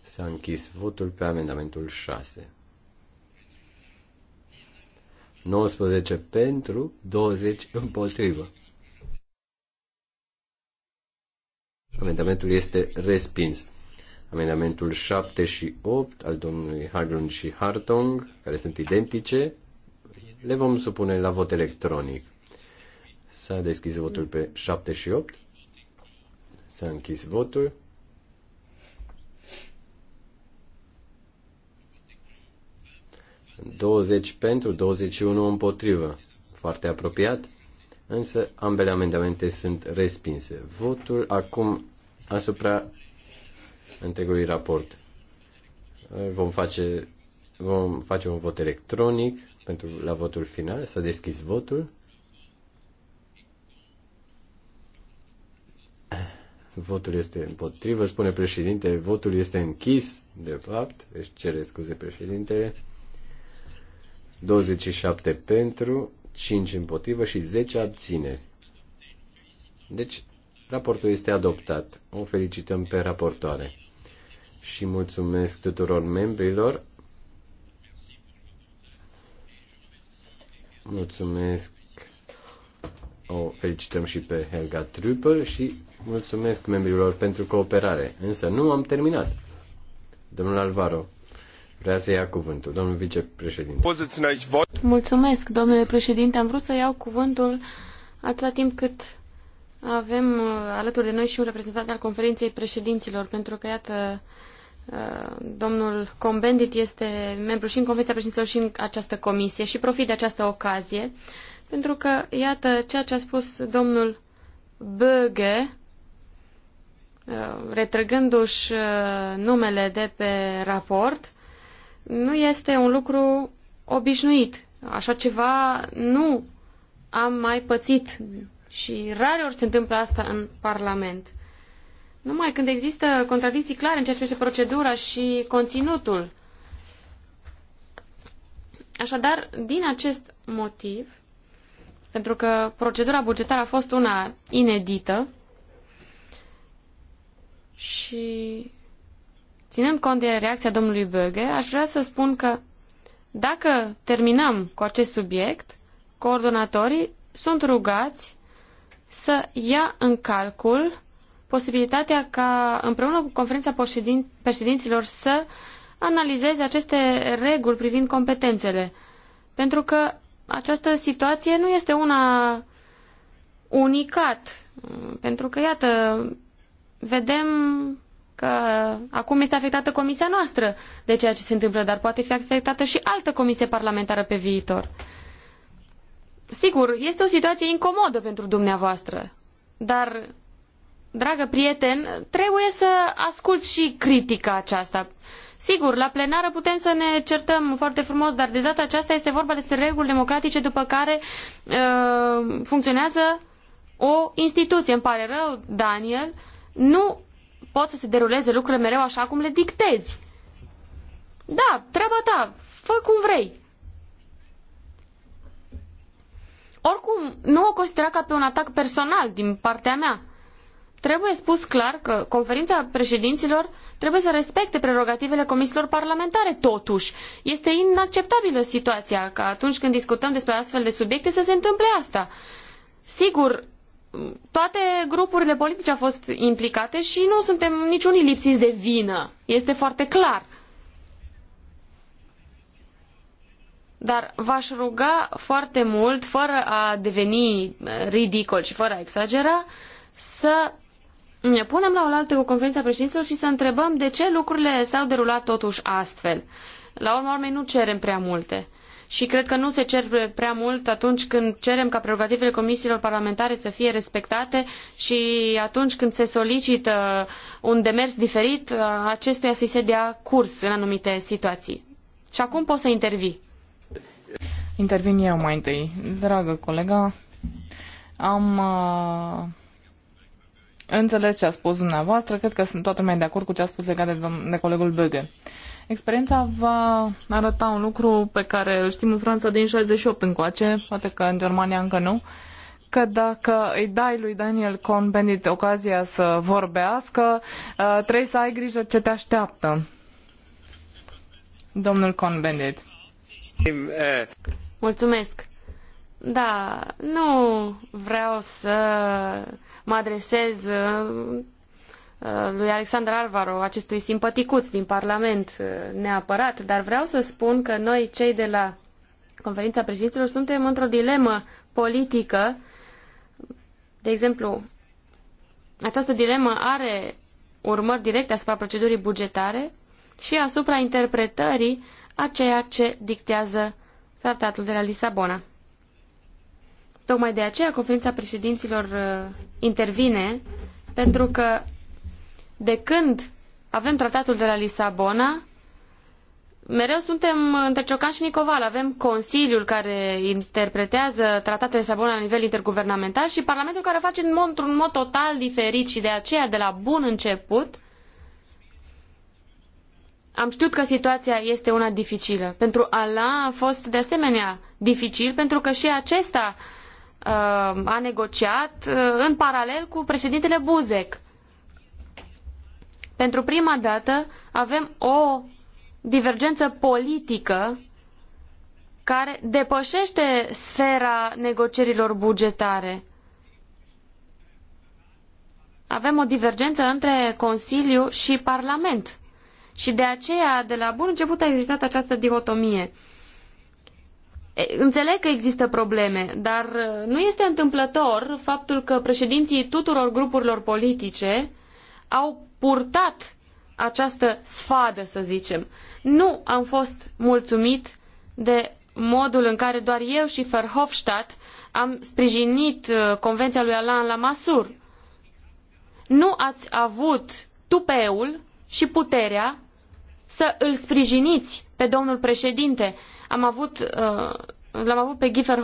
S-a închis votul pe amendamentul 6. 19 pentru, 20 împotrivă. Amendamentul este respins. Amendamentul 7 și 8 al domnului Haglund și Hartong, care sunt identice, le vom supune la vot electronic. S-a deschis votul pe 7 și 8. S-a închis votul. 20 pentru, 21 împotrivă. Foarte apropiat, însă ambele amendamente sunt respinse. Votul acum asupra întregului raport. Vom face, vom face un vot electronic pentru la votul final. S-a deschis votul. Votul este împotrivă, spune președinte. Votul este închis, de fapt. Își cere scuze președintele. 27 pentru, 5 împotrivă și 10 abțineri. Deci, raportul este adoptat. O felicităm pe raportoare. Și mulțumesc tuturor membrilor. Mulțumesc. O felicităm și pe Helga Trupel și mulțumesc membrilor pentru cooperare. Însă nu am terminat. Domnul Alvaro vrea să ia cuvântul. Domnul vicepreședinte. Mulțumesc, domnule președinte. Am vrut să iau cuvântul atâta timp cât avem uh, alături de noi și un reprezentant al conferinței președinților, pentru că, iată, uh, domnul Combendit este membru și în conferința președinților și în această comisie și profit de această ocazie, pentru că, iată, ceea ce a spus domnul Böge, uh, retrăgându-și numele de pe raport, nu este un lucru obișnuit. Așa ceva nu am mai pățit și rare ori se întâmplă asta în Parlament. Numai când există contradicții clare în ceea ce privește procedura și conținutul. Așadar, din acest motiv, pentru că procedura bugetară a fost una inedită și Ținând cont de reacția domnului Böge, aș vrea să spun că dacă terminăm cu acest subiect, coordonatorii sunt rugați să ia în calcul posibilitatea ca împreună cu conferința președin președinților să analizeze aceste reguli privind competențele. Pentru că această situație nu este una unicat, pentru că, iată, vedem că acum este afectată comisia noastră de ceea ce se întâmplă, dar poate fi afectată și altă comisie parlamentară pe viitor. Sigur, este o situație incomodă pentru dumneavoastră, dar, dragă prieten, trebuie să asculți și critica aceasta. Sigur, la plenară putem să ne certăm foarte frumos, dar de data aceasta este vorba despre reguli democratice după care uh, funcționează o instituție. Îmi pare rău, Daniel, nu pot să se deruleze lucrurile mereu așa cum le dictezi. Da, treaba ta, fă cum vrei. Oricum, nu o considera ca pe un atac personal din partea mea. Trebuie spus clar că conferința președinților trebuie să respecte prerogativele comisiilor parlamentare, totuși. Este inacceptabilă situația ca atunci când discutăm despre astfel de subiecte să se întâmple asta. Sigur, toate grupurile politice au fost implicate și nu suntem niciunii lipsiți de vină. Este foarte clar. Dar v-aș ruga foarte mult, fără a deveni ridicol și fără a exagera, să ne punem la oaltă cu conferința președinților și să întrebăm de ce lucrurile s-au derulat totuși astfel. La urma urmei nu cerem prea multe și cred că nu se cer prea mult atunci când cerem ca prerogativele comisiilor parlamentare să fie respectate și atunci când se solicită un demers diferit, acestuia să-i se dea curs în anumite situații. Și acum poți să intervii. Intervin eu mai întâi. Dragă colega, am uh, înțeles ce a spus dumneavoastră, cred că sunt toată lumea de acord cu ce a spus legat de, de colegul Böge. Experiența va arăta un lucru pe care îl știm în Franța din 68 încoace, poate că în Germania încă nu, că dacă îi dai lui Daniel Cohn-Bendit ocazia să vorbească, uh, trebuie să ai grijă ce te așteaptă. Domnul Cohn-Bendit. Mulțumesc. Da, nu vreau să mă adresez uh, Uh, lui Alexander Alvaro, acestui simpaticuț din Parlament uh, neapărat, dar vreau să spun că noi, cei de la Conferința Președinților, suntem într-o dilemă politică. De exemplu, această dilemă are urmări directe asupra procedurii bugetare și asupra interpretării a ceea ce dictează tratatul de la Lisabona. Tocmai de aceea conferința președinților uh, intervine pentru că de când avem tratatul de la Lisabona, mereu suntem între Ciocan și Nicoval. Avem Consiliul care interpretează tratatul de Lisabona la nivel interguvernamental și Parlamentul care o face în mod, într-un mod total diferit și de aceea, de la bun început, am știut că situația este una dificilă. Pentru Alain a fost de asemenea dificil pentru că și acesta uh, a negociat uh, în paralel cu președintele Buzek. Pentru prima dată avem o divergență politică care depășește sfera negocierilor bugetare. Avem o divergență între Consiliu și Parlament. Și de aceea, de la bun început, a existat această dihotomie. Înțeleg că există probleme, dar uh, nu este întâmplător faptul că președinții tuturor grupurilor politice au purtat această sfadă, să zicem. Nu am fost mulțumit de modul în care doar eu și Verhofstadt am sprijinit uh, convenția lui Alain Masur. Nu ați avut tupeul și puterea să îl sprijiniți pe domnul președinte. Am avut, uh, l-am avut pe Giefer,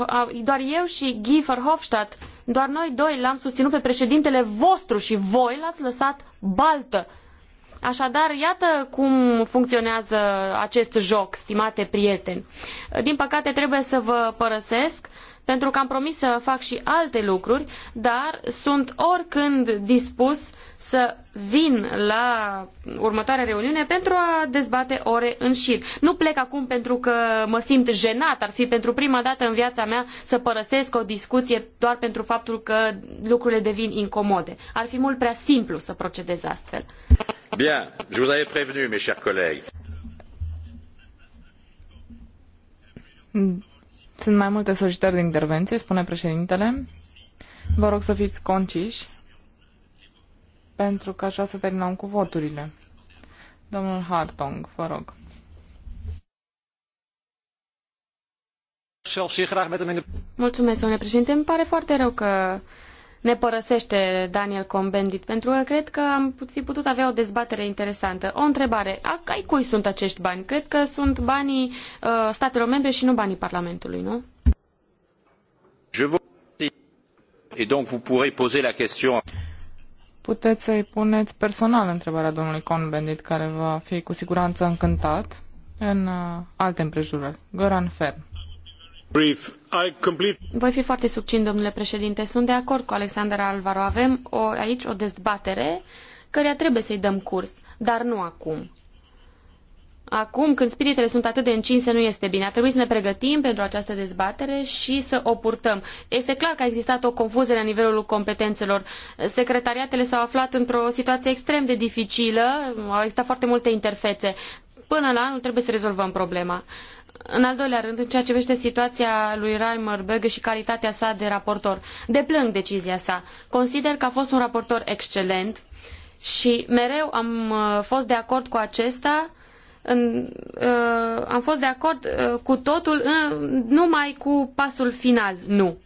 doar eu și Guy Verhofstadt doar noi doi l-am susținut pe președintele vostru și voi l-ați lăsat baltă. Așadar, iată cum funcționează acest joc, stimate prieteni. Din păcate, trebuie să vă părăsesc pentru că am promis să fac și alte lucruri, dar sunt oricând dispus să vin la următoarea reuniune pentru a dezbate ore în șir. Nu plec acum pentru că mă simt jenat, ar fi pentru prima dată în viața mea să părăsesc o discuție doar pentru faptul că lucrurile devin incomode. Ar fi mult prea simplu să procedez astfel. Bien, je vous avais prévenu, mes chers collègues. Mm. Sunt mai multe solicitări de intervenție, spune președintele. Vă rog să fiți conciși, pentru că așa să terminăm cu voturile. Domnul Hartong, vă rog. Mulțumesc, domnule președinte. Îmi pare foarte rău că ne părăsește Daniel Combendit, pentru că cred că am fi putut avea o dezbatere interesantă. O întrebare, a, ai cui sunt acești bani? Cred că sunt banii uh, statelor membre și nu banii Parlamentului, nu? Je Et donc vous pourrez poser la question puteți să-i puneți personal întrebarea domnului Bendit, care va fi cu siguranță încântat în uh, alte împrejurări. Goran Fern. Voi fi foarte succint, domnule președinte. Sunt de acord cu Alexandra Alvaro. Avem o, aici o dezbatere căreia trebuie să-i dăm curs, dar nu acum. Acum, când spiritele sunt atât de încinse, nu este bine. A trebuit să ne pregătim pentru această dezbatere și să o purtăm. Este clar că a existat o confuzie la nivelul competențelor. Secretariatele s-au aflat într-o situație extrem de dificilă, au existat foarte multe interfețe. Până la anul trebuie să rezolvăm problema. În al doilea rând, în ceea ce vește situația lui Reimer Böge și calitatea sa de raportor, deplâng decizia sa. Consider că a fost un raportor excelent și mereu am uh, fost de acord cu acesta în, uh, am fost de acord uh, cu totul, uh, numai cu pasul final, nu.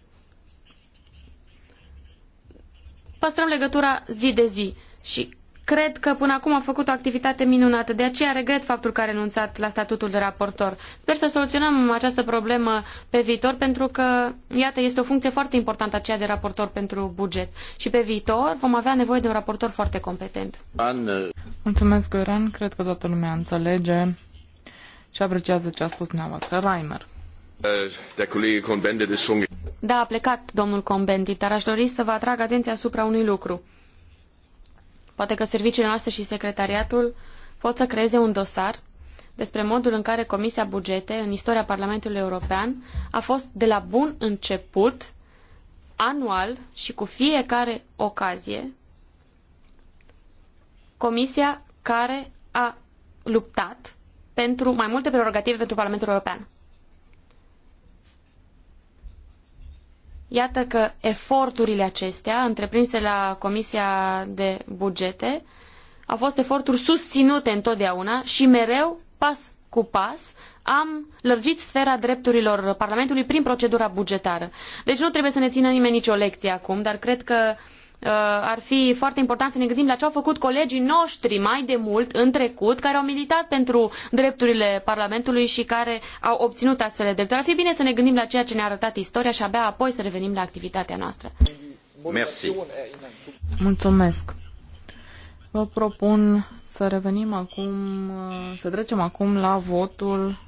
Păstrăm legătura zi de zi și Cred că până acum am făcut o activitate minunată, de aceea regret faptul că a renunțat la statutul de raportor. Sper să soluționăm această problemă pe viitor, pentru că, iată, este o funcție foarte importantă aceea de raportor pentru buget. Și pe viitor vom avea nevoie de un raportor foarte competent. Uh, Mulțumesc, Goran. Cred că toată lumea înțelege și apreciază ce a spus dumneavoastră, Reimer. Uh, da, a plecat domnul Combendit, dar aș dori să vă atrag atenția asupra unui lucru. Poate că serviciile noastre și secretariatul pot să creeze un dosar despre modul în care Comisia Bugete în istoria Parlamentului European a fost de la bun început, anual și cu fiecare ocazie, Comisia care a luptat pentru mai multe prerogative pentru Parlamentul European. Iată că eforturile acestea, întreprinse la Comisia de Bugete, au fost eforturi susținute întotdeauna și mereu, pas cu pas, am lărgit sfera drepturilor Parlamentului prin procedura bugetară. Deci nu trebuie să ne țină nimeni nicio lecție acum, dar cred că uh, Uh, ar fi foarte important să ne gândim la ce au făcut colegii noștri mai de mult în trecut, care au militat pentru drepturile Parlamentului și care au obținut astfel de drepturi. Ar fi bine să ne gândim la ceea ce ne-a arătat istoria și abia apoi să revenim la activitatea noastră. Merci. Mulțumesc. Vă propun să revenim acum, uh, să trecem acum la votul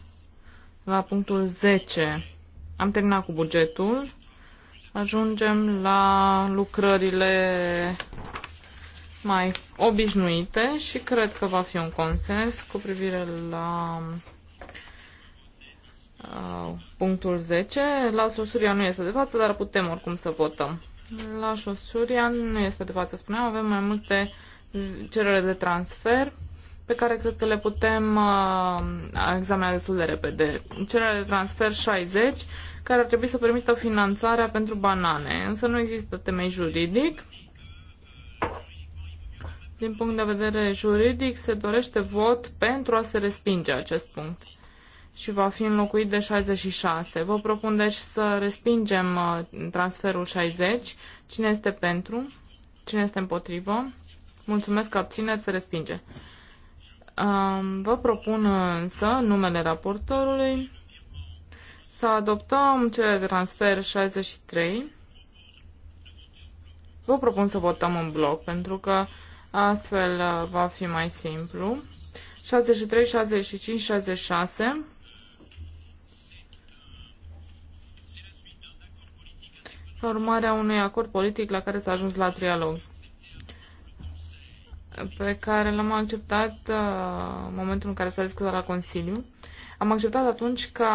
la punctul 10. Am terminat cu bugetul ajungem la lucrările mai obișnuite și cred că va fi un consens cu privire la uh, punctul 10. La Sosuria nu este de față, dar putem oricum să votăm. La Sosuria nu este de față, spuneam, avem mai multe cerere de transfer pe care cred că le putem uh, examina destul de repede. Cererea de transfer 60 care ar trebui să permită finanțarea pentru banane, însă nu există temei juridic. Din punct de vedere juridic, se dorește vot pentru a se respinge acest punct și va fi înlocuit de 66. Vă propun deci să respingem uh, transferul 60. Cine este pentru? Cine este împotrivă? Mulțumesc că abțineri se respinge. Um, vă propun însă numele raportorului să adoptăm cele de transfer 63. Vă propun să votăm în bloc, pentru că astfel uh, va fi mai simplu. 63, 65, 66. Ca urmare a unui acord politic la care s-a ajuns la trialog pe care l-am acceptat uh, în momentul în care s-a discutat la Consiliu am acceptat atunci că,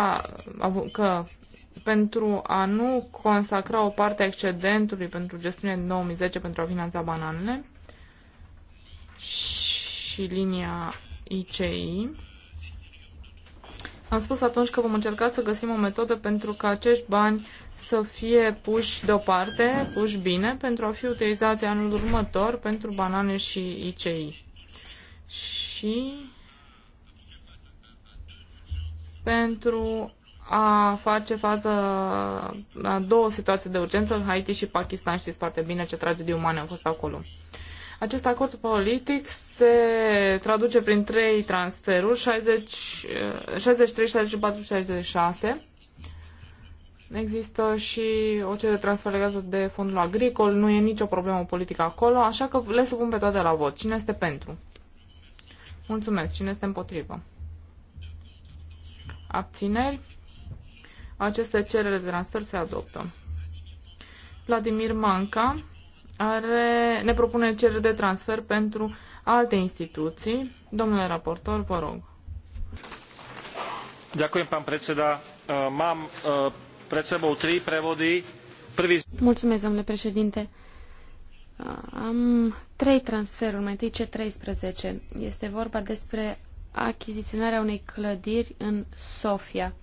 că pentru a nu consacra o parte a excedentului pentru gestiunea din 2010 pentru a finanța bananele și linia ICI, am spus atunci că vom încerca să găsim o metodă pentru ca acești bani să fie puși deoparte, puși bine, pentru a fi utilizați anul următor pentru banane și ICI. Și pentru a face față la două situații de urgență, în Haiti și Pakistan. Știți foarte bine ce tragedii umane au fost acolo. Acest acord politic se traduce prin trei transferuri, 60, 63, 64, 66. Există și o cerere transfer legată de fondul agricol, nu e nicio problemă politică acolo, așa că le supun pe toate la vot. Cine este pentru? Mulțumesc. Cine este împotrivă? abțineri, aceste cereri de transfer se adoptă. Vladimir Manca are, ne propune cereri de transfer pentru alte instituții. Domnule raportor, vă rog. Ďakujem, pán predseda. Mám pred sebou tri prevody. Prvý... Mulțumesc, domnule președinte. Am trei transferuri, mai întâi C13. Este vorba despre achiziționarea unei clădiri în Sofia.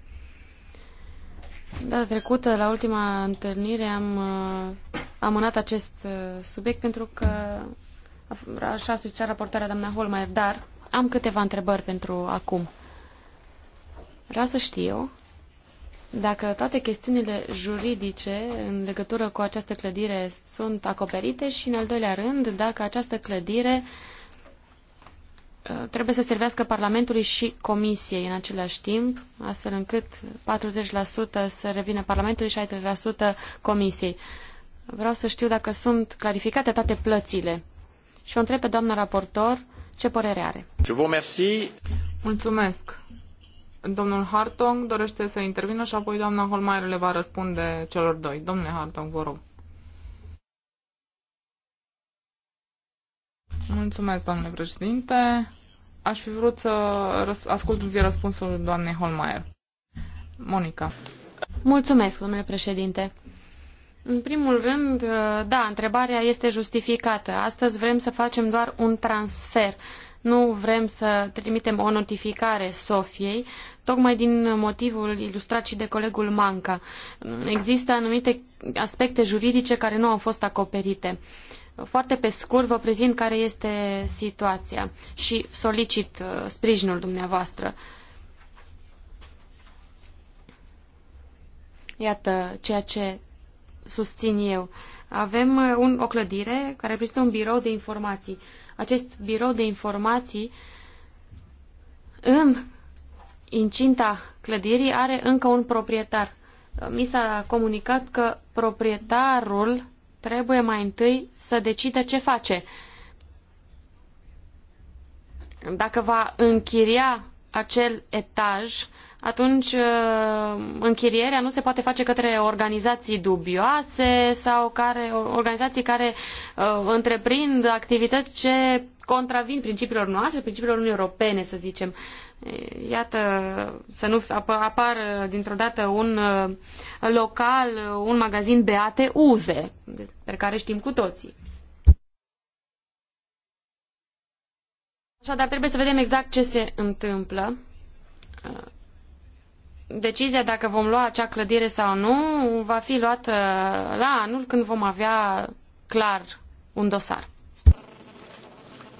Data trecută, la ultima întâlnire, am uh, amânat acest uh, subiect pentru că așa a raportarea doamna Holmeier, dar am câteva întrebări pentru acum. Vreau să știu dacă toate chestiunile juridice în legătură cu această clădire sunt acoperite și, în al doilea rând, dacă această clădire uh, Uh, trebuie să servească Parlamentului și Comisiei în același timp, astfel încât 40% să revină Parlamentului și 60% Comisiei. Vreau să știu dacă sunt clarificate toate plățile. Și o întreb pe doamna raportor ce părere are. Je vous Mulțumesc. Domnul Hartong dorește să intervină și apoi doamna Holmeier le va răspunde celor doi. Domnule Hartong, vă rog. Mulțumesc, domnule președinte. Aș fi vrut să ascult vie răspunsul doamnei Holmeier. Monica. Mulțumesc, domnule președinte. În primul rând, da, întrebarea este justificată. Astăzi vrem să facem doar un transfer. Nu vrem să trimitem o notificare Sofiei, tocmai din motivul ilustrat și de colegul Manca. Există anumite aspecte juridice care nu au fost acoperite. Foarte pe scurt vă prezint care este situația și solicit uh, sprijinul dumneavoastră. Iată ceea ce susțin eu. Avem uh, un, o clădire care reprezintă un birou de informații. Acest birou de informații în incinta clădirii are încă un proprietar. Mi s-a comunicat că proprietarul trebuie mai întâi să decidă ce face. Dacă va închiria acel etaj atunci uh, închirierea nu se poate face către organizații dubioase sau care, organizații care uh, întreprind activități ce contravin principiilor noastre, principiilor Uniunii Europene, să zicem. Iată, să nu apar uh, dintr-o dată un uh, local, un magazin Beate Uze, despre care știm cu toții. Așadar, trebuie să vedem exact ce se întâmplă decizia dacă vom lua acea clădire sau nu va fi luată la anul când vom avea clar un dosar.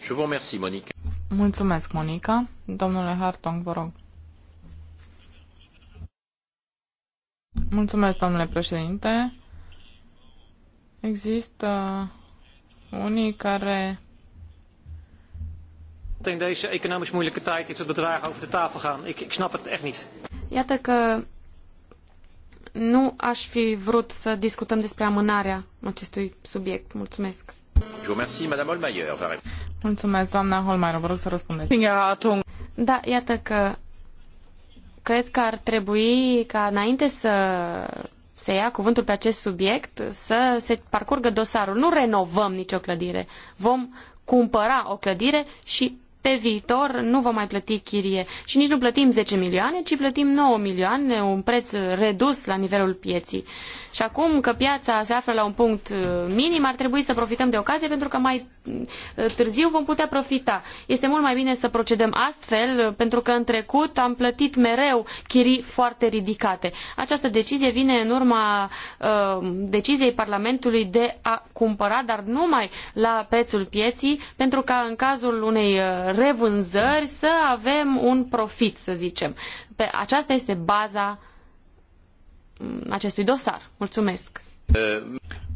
Je vous remercie, Monica. Mulțumesc, Monica. Domnule Hartong, vă rog. Mulțumesc, domnule președinte. Există unii care in deze economisch moeilijke tijd dit soort bedragen over de tafel gaan. Ik, ik snap het echt niet. Iată că nu aș fi vrut să discutăm despre amânarea acestui subiect. Mulțumesc. Mulțumesc, doamna Holmeier. Vă rog să răspundeți. Da, iată că cred că ar trebui ca înainte să se ia cuvântul pe acest subiect, să se parcurgă dosarul. Nu renovăm nicio clădire. Vom cumpăra o clădire și pe viitor nu vom mai plăti chirie și nici nu plătim 10 milioane, ci plătim 9 milioane, un preț redus la nivelul pieții. Și acum că piața se află la un punct uh, minim, ar trebui să profităm de ocazie pentru că mai Eh, târziu, vom putea profita. Este mult mai bine să procedăm astfel, eh, pentru că în trecut am plătit mereu chirii foarte ridicate. Această decizie vine în urma uh, deciziei Parlamentului de a cumpăra, dar numai la prețul pieții, pentru ca în cazul unei revânzări să avem un profit, să zicem. Pe aceasta este baza mm, acestui dosar. Mulțumesc!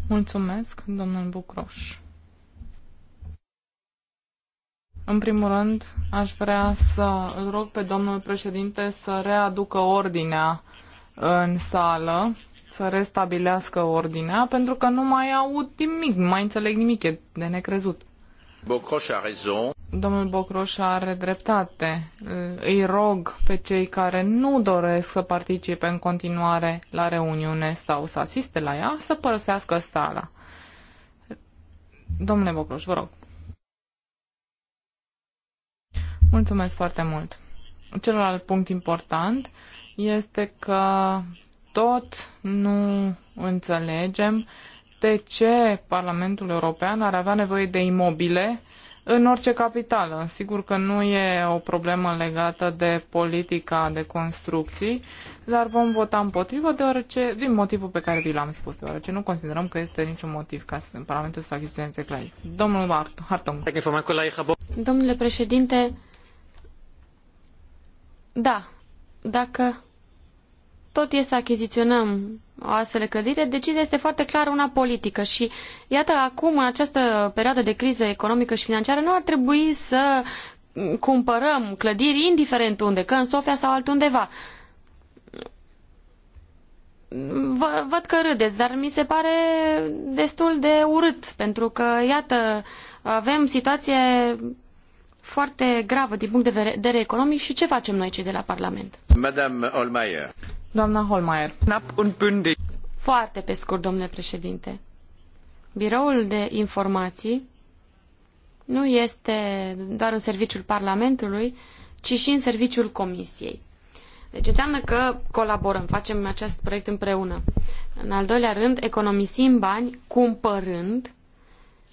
Mulțumesc, domnul Bucroș. În primul rând, aș vrea să îl rog pe domnul președinte să readucă ordinea în sală, să restabilească ordinea, pentru că nu mai aud nimic, nu mai înțeleg nimic, e de necrezut. Bocroș a raison. Domnul Bocroș are dreptate. Îi rog pe cei care nu doresc să participe în continuare la reuniune sau să asiste la ea să părăsească sala. Domnule Bocroș, vă rog. Mulțumesc foarte mult. Celălalt punct important este că tot nu înțelegem de ce Parlamentul European ar avea nevoie de imobile în orice capitală. Sigur că nu e o problemă legată de politica de construcții, dar vom vota împotrivă deoarece, din motivul pe care vi l-am spus, deoarece nu considerăm că este niciun motiv ca să, în Parlamentul să achiziționeze clădiri. Domnul Hartung. Domnule președinte, da, dacă tot e să achiziționăm o astfel de clădire, decizia este foarte clară una politică și iată acum, în această perioadă de criză economică și financiară, nu ar trebui să cumpărăm clădiri indiferent unde, că în Sofia sau altundeva. V- văd că râdeți, dar mi se pare destul de urât, pentru că, iată, avem situație foarte gravă din punct de vedere economic și ce facem noi cei de la Parlament? Madame Holmeier. Doamna Holmeier. Knapp und bündig. Foarte pe scurt, domnule președinte. Biroul de informații nu este doar în serviciul Parlamentului, ci și în serviciul Comisiei. Deci înseamnă că colaborăm, facem acest proiect împreună. În al doilea rând, economisim bani cumpărând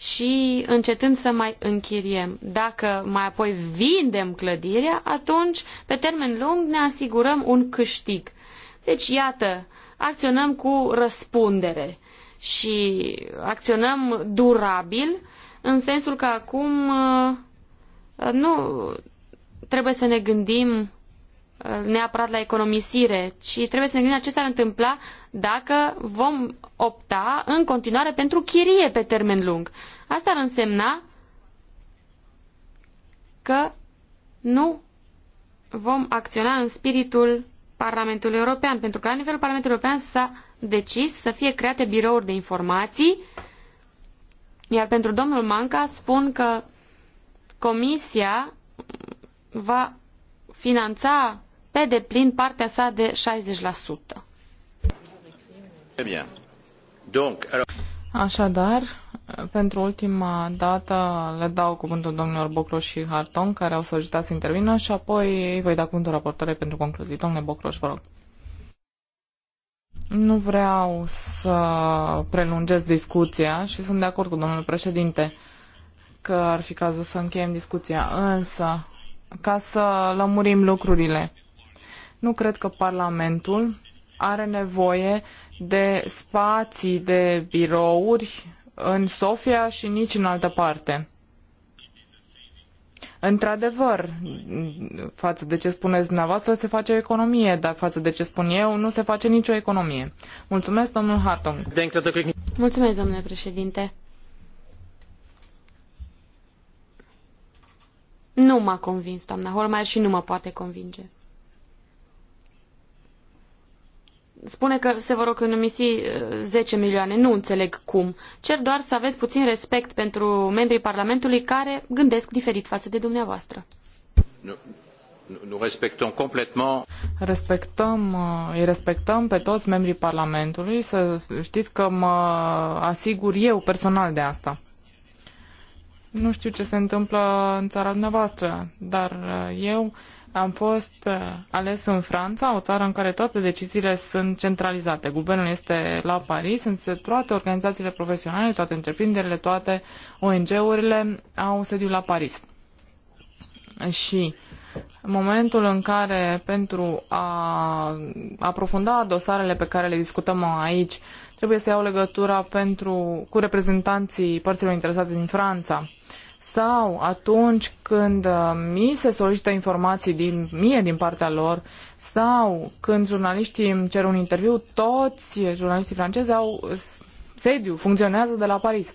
și încetând să mai închiriem. Dacă mai apoi vindem clădirea, atunci, pe termen lung, ne asigurăm un câștig. Deci, iată, acționăm cu răspundere și acționăm durabil, în sensul că acum uh, nu trebuie să ne gândim Uh, neapărat la economisire, ci trebuie să ne gândim la ce s-ar întâmpla dacă vom opta în continuare pentru chirie pe termen lung. Asta ar însemna că nu vom acționa în spiritul Parlamentului European, pentru că la nivelul Parlamentului European s-a decis să fie create birouri de informații, iar pentru domnul Manca spun că Comisia va finanța pe deplin partea sa de 60%. Așadar, pentru ultima dată le dau cuvântul domnilor Bocroș și Harton, care au solicitat să intervină și apoi îi voi da cuvântul raportare pentru concluzii. Domnule Bocroș, vă rog. Nu vreau să prelungesc discuția și sunt de acord cu domnul președinte că ar fi cazul să încheiem discuția, însă ca să lămurim lucrurile. Nu cred că Parlamentul are nevoie de spații, de birouri în Sofia și nici în altă parte. Într-adevăr, față de ce spuneți dumneavoastră, se face o economie, dar față de ce spun eu, nu se face nicio economie. Mulțumesc, domnul Hartong. Mulțumesc, domnule președinte. Nu m-a convins, doamna Holmeier, și nu mă poate convinge. spune că se vor economisi 10 uh, milioane. Nu înțeleg cum. Cer doar să aveți puțin respect pentru membrii Parlamentului care gândesc diferit față de dumneavoastră. Nu. Respectăm, uh, îi respectăm pe toți membrii Parlamentului, să știți că mă asigur eu personal de asta. Nu știu ce se întâmplă în țara dumneavoastră, dar uh, eu am fost uh, ales în Franța, o țară în care toate deciziile sunt centralizate. Guvernul este la Paris, însă toate organizațiile profesionale, toate întreprinderile, toate ONG-urile au sediu la Paris. Și în momentul în care pentru a aprofunda dosarele pe care le discutăm aici, trebuie să iau legătura pentru, cu reprezentanții părților interesate din Franța sau atunci când uh, mi se solicită informații din mie din partea lor sau când jurnaliștii îmi cer un interviu, toți jurnaliștii francezi au uh, sediu, funcționează de la Paris.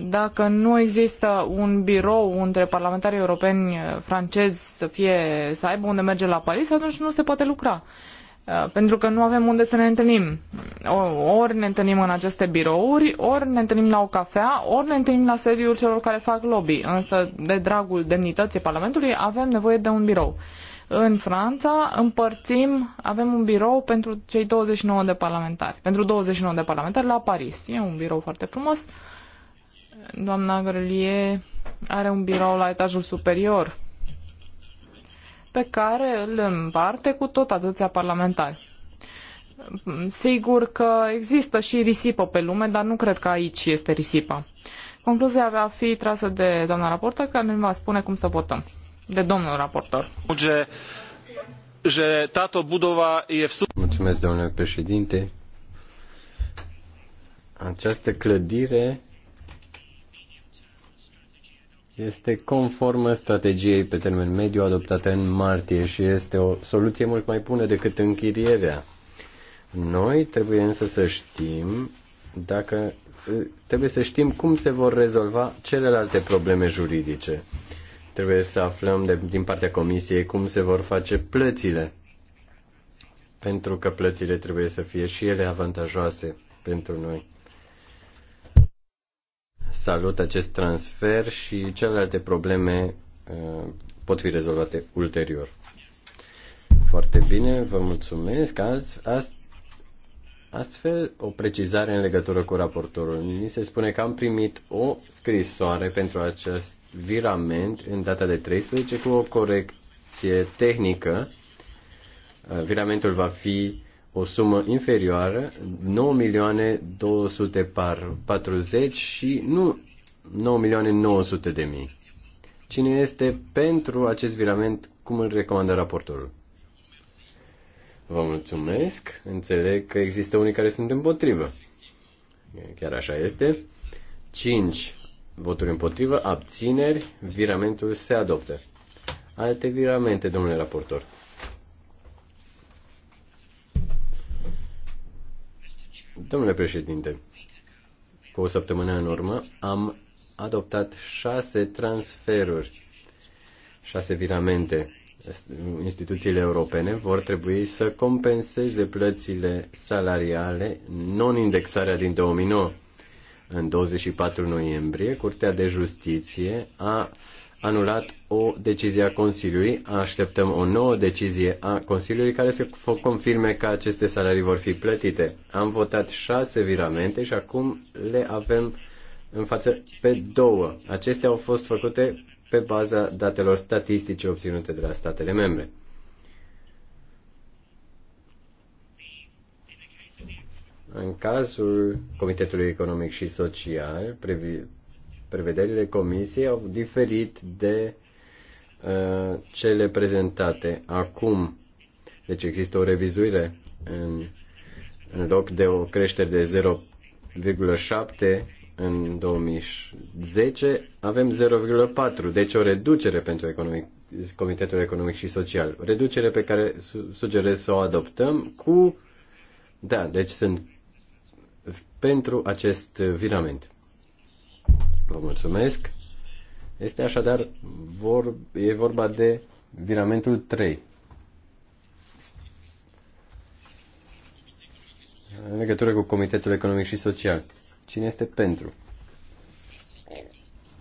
Dacă nu există un birou între parlamentarii europeni uh, francezi să, fie, să aibă unde merge la Paris, atunci nu se poate lucra. Uh, pentru că nu avem unde să ne întâlnim. Ori ne întâlnim în aceste birouri, ori ne întâlnim la o cafea, ori ne întâlnim la sediul celor care fac lobby. Însă, de dragul demnității Parlamentului, avem nevoie de un birou. În Franța împărțim, avem un birou pentru cei 29 de parlamentari, pentru 29 de parlamentari la Paris. E un birou foarte frumos. Doamna Grelier are un birou la etajul superior pe care îl împarte cu tot atâția parlamentari. Sigur că există și risipă pe lume, dar nu cred că aici este risipa. Concluzia va fi trasă de doamna raportor, care ne va spune cum să votăm. De domnul raportor. Mulțumesc, domnule președinte. Această clădire este conformă strategiei pe termen mediu adoptate în martie și este o soluție mult mai bună decât închirierea. Noi trebuie însă să știm dacă trebuie să știm cum se vor rezolva celelalte probleme juridice. Trebuie să aflăm de, din partea comisiei cum se vor face plățile, pentru că plățile trebuie să fie și ele avantajoase pentru noi salut acest transfer și celelalte probleme uh, pot fi rezolvate ulterior. Foarte bine, vă mulțumesc. astfel, o precizare în legătură cu raportorul. Mi se spune că am primit o scrisoare pentru acest virament în data de 13 cu o corecție tehnică. Uh, viramentul va fi o sumă inferioară, 9 milioane 240 și nu 9 milioane 900 de mii. Cine este pentru acest virament, cum îl recomandă raportorul? Vă mulțumesc. Înțeleg că există unii care sunt împotrivă. Chiar așa este. 5 voturi împotrivă, abțineri, viramentul se adoptă. Alte viramente, domnule raportor. Domnule președinte, cu o săptămână în urmă am adoptat șase transferuri, șase viramente. Instituțiile europene vor trebui să compenseze plățile salariale non-indexarea din 2009. În 24 noiembrie, Curtea de Justiție a anulat o decizie a Consiliului, așteptăm o nouă decizie a Consiliului care să confirme că aceste salarii vor fi plătite. Am votat șase viramente și acum le avem în față pe două. Acestea au fost făcute pe baza datelor statistice obținute de la statele membre. În cazul Comitetului Economic și Social, Prevederile comisiei au diferit de uh, cele prezentate acum. Deci există o revizuire în, în loc de o creștere de 0,7 în 2010 avem 0,4, deci o reducere pentru economic, Comitetul Economic și Social. Reducere pe care sugerez să o adoptăm cu. Da, deci sunt pentru acest virament. Vă mulțumesc. Este așadar, vor, e vorba de viramentul 3. În legătură cu Comitetul Economic și Social. Cine este pentru?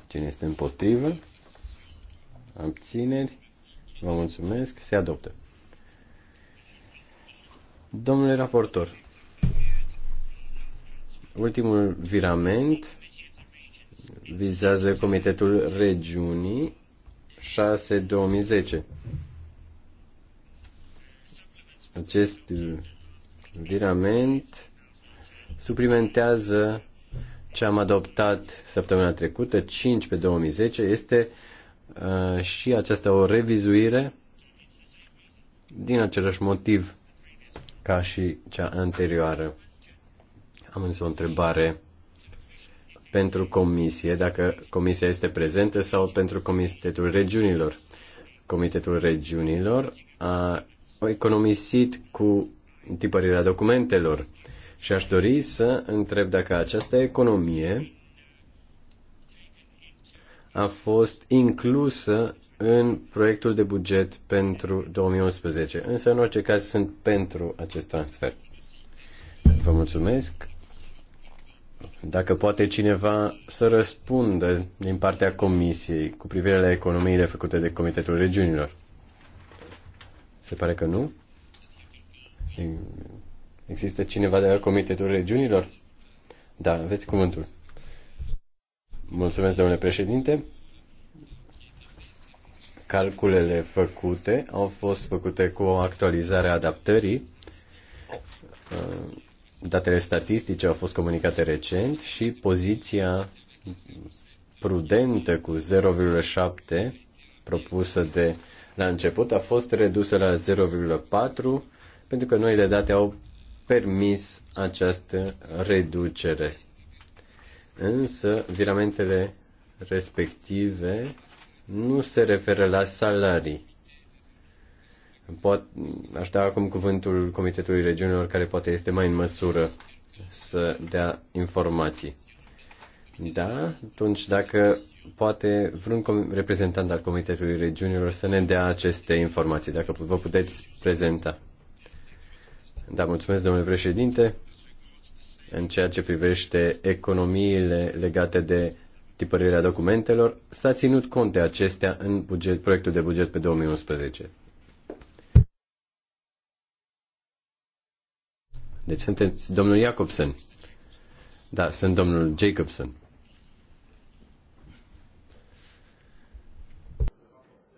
Cine este împotrivă? Abțineri? Vă mulțumesc. Se adoptă. Domnule raportor, ultimul virament vizează Comitetul Regiunii 6-2010. Acest virament suplimentează ce am adoptat săptămâna trecută, 5 pe 2010, este uh, și aceasta o revizuire din același motiv ca și cea anterioară. Am însă o întrebare pentru comisie, dacă comisia este prezentă, sau pentru Comitetul Regiunilor. Comitetul Regiunilor a economisit cu tipărirea documentelor și aș dori să întreb dacă această economie a fost inclusă în proiectul de buget pentru 2011. Însă, în orice caz, sunt pentru acest transfer. Vă mulțumesc. Dacă poate cineva să răspundă din partea Comisiei cu privire la economiile făcute de Comitetul Regiunilor. Se pare că nu? Există cineva de la Comitetul Regiunilor? Da, aveți cuvântul. Mulțumesc, domnule președinte. Calculele făcute au fost făcute cu o actualizare a adaptării Datele statistice au fost comunicate recent și poziția prudentă cu 0,7 propusă de la început a fost redusă la 0,4 pentru că noile date au permis această reducere. Însă, viramentele respective nu se referă la salarii. Poate, aș da acum cuvântul Comitetului Regiunilor, care poate este mai în măsură să dea informații. Da? Atunci, dacă poate vreun reprezentant al Comitetului Regiunilor să ne dea aceste informații, dacă vă puteți prezenta. Da, mulțumesc, domnule președinte. În ceea ce privește economiile legate de tipărirea documentelor, s-a ținut cont de acestea în buget, proiectul de buget pe 2011. Deci sunteți domnul Jacobsen. Da, sunt domnul Jacobson.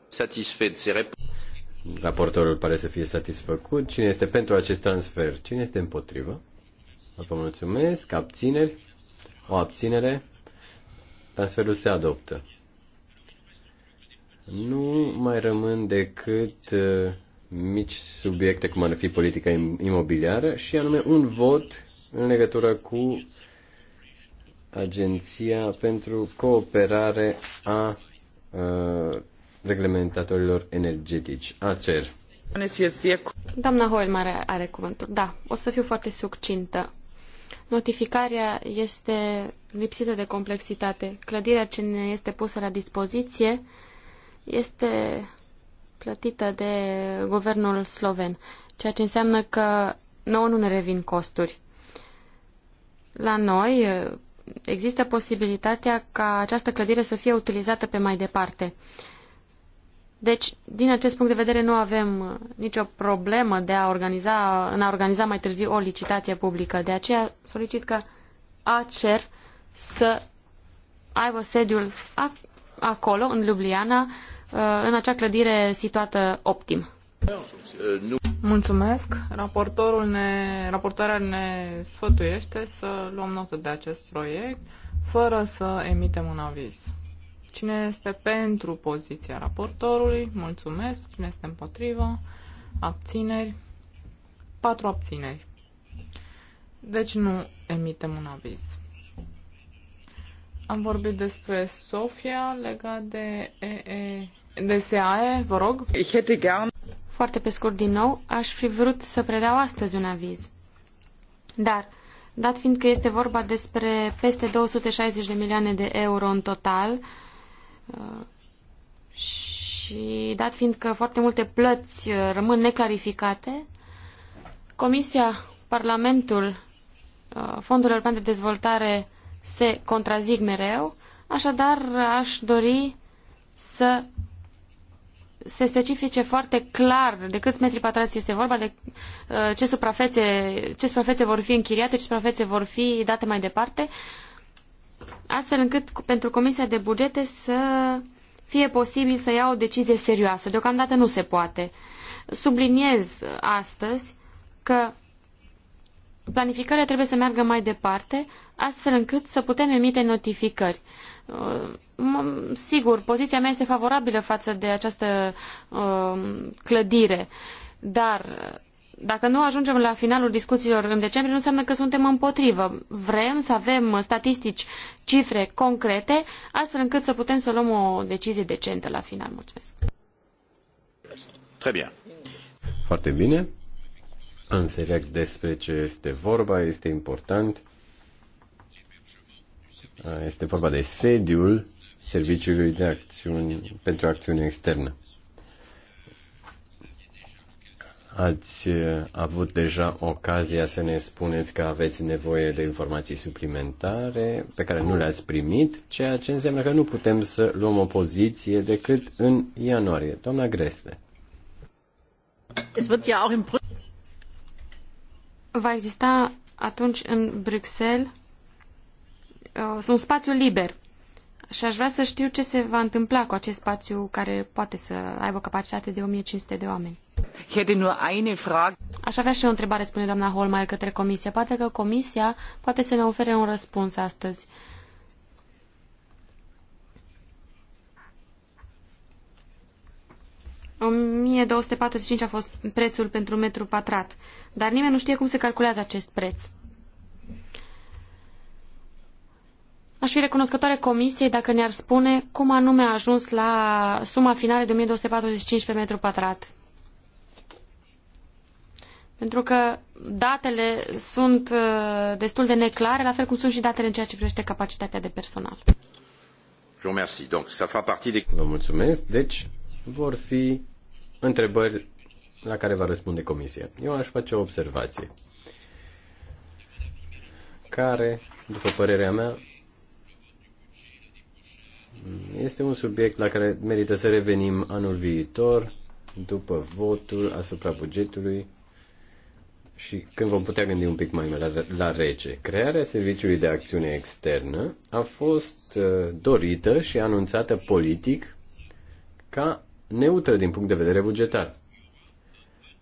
Satisfait de ses Raportorul pare să fie satisfăcut. Cine este pentru acest transfer? Cine este împotrivă? Vă mulțumesc. Abțineri? O abținere? Transferul se adoptă. Nu mai rămân decât uh, mici subiecte, cum ar fi politica imobiliară, și anume un vot în legătură cu Agenția pentru Cooperare a uh, Reglementatorilor Energetici, ACER. Doamna mare are cuvântul. Da, o să fiu foarte succintă. Notificarea este lipsită de complexitate. Clădirea ce ne este pusă la dispoziție este plătită de guvernul sloven, ceea ce înseamnă că nouă nu ne revin costuri. La noi există posibilitatea ca această clădire să fie utilizată pe mai departe. Deci, din acest punct de vedere, nu avem nicio problemă de a organiza, în a organiza mai târziu o licitație publică. De aceea solicit că ACER să aibă sediul acolo, în Ljubljana, Uh, în acea clădire situată optim. Mulțumesc. Raportorul ne, raportoarea ne sfătuiește să luăm notă de acest proiect fără să emitem un aviz. Cine este pentru poziția raportorului? Mulțumesc. Cine este împotrivă? Abțineri. Patru abțineri. Deci nu emitem un aviz. Am vorbit despre Sofia legat de, e, e, de SAE, vă rog. Ich hätte gern... Foarte pe scurt din nou, aș fi vrut să predau astăzi un aviz. Dar, dat fiind că este vorba despre peste 260 de milioane de euro în total, uh, și dat fiind că foarte multe plăți uh, rămân neclarificate, Comisia, Parlamentul, uh, Fondul European de Dezvoltare se contrazic mereu, așadar aș dori să se specifice foarte clar de câți metri pătrați este vorba, de uh, ce suprafețe, ce suprafețe vor fi închiriate, ce suprafețe vor fi date mai departe, astfel încât pentru Comisia de Bugete să fie posibil să ia o decizie serioasă. Deocamdată nu se poate. Subliniez astăzi că planificarea trebuie să meargă mai departe, astfel încât să putem emite notificări. Uh, sigur, poziția mea este favorabilă față de această uh, clădire, dar dacă nu ajungem la finalul discuțiilor în decembrie, nu înseamnă că suntem împotrivă. Vrem să avem statistici, cifre concrete, astfel încât să putem să luăm o decizie decentă la final. Mulțumesc. Foarte bine înțeleg despre ce este vorba, este important. Este vorba de sediul Serviciului de acțiuni, pentru Acțiune Externă. Ați uh, avut deja ocazia să ne spuneți că aveți nevoie de informații suplimentare pe care nu le-ați primit, ceea ce înseamnă că nu putem să luăm o poziție decât în ianuarie. Doamna Gresle. Es wird ja auch va exista atunci în Bruxelles uh, un spațiu liber. Și aș vrea să știu ce se va întâmpla cu acest spațiu care poate să aibă capacitate de 1500 de oameni. Aș avea și o întrebare, spune doamna Holmeier, către Comisie. Poate că Comisia poate să ne ofere un răspuns astăzi. Uh, 1245 a fost prețul pentru metru pătrat, dar nimeni nu știe cum se calculează acest preț. Aș fi recunoscătoare comisiei dacă ne-ar spune cum anume a ajuns la suma finală de 1245 pe metru pătrat. Pentru că datele sunt uh, destul de neclare, la fel cum sunt și datele în ceea ce privește capacitatea de personal. Vă mulțumesc. Deci, vor fi întrebări la care va răspunde comisia. Eu aș face o observație care, după părerea mea, este un subiect la care merită să revenim anul viitor, după votul asupra bugetului și când vom putea gândi un pic mai la, la rece. Crearea Serviciului de Acțiune Externă a fost uh, dorită și anunțată politic ca neutră din punct de vedere bugetar.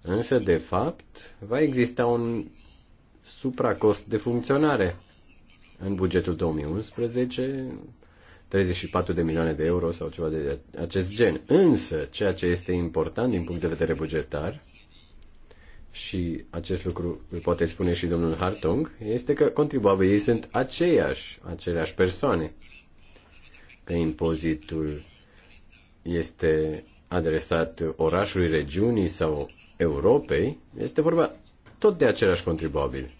Însă, de fapt, va exista un supracost de funcționare în bugetul 2011, 34 de milioane de euro sau ceva de acest gen. Însă, ceea ce este important din punct de vedere bugetar, și acest lucru îl poate spune și domnul Hartung, este că contribuabilii sunt aceiași, aceleași persoane. Că impozitul este adresat orașului, regiunii sau Europei, este vorba tot de același contribuabil.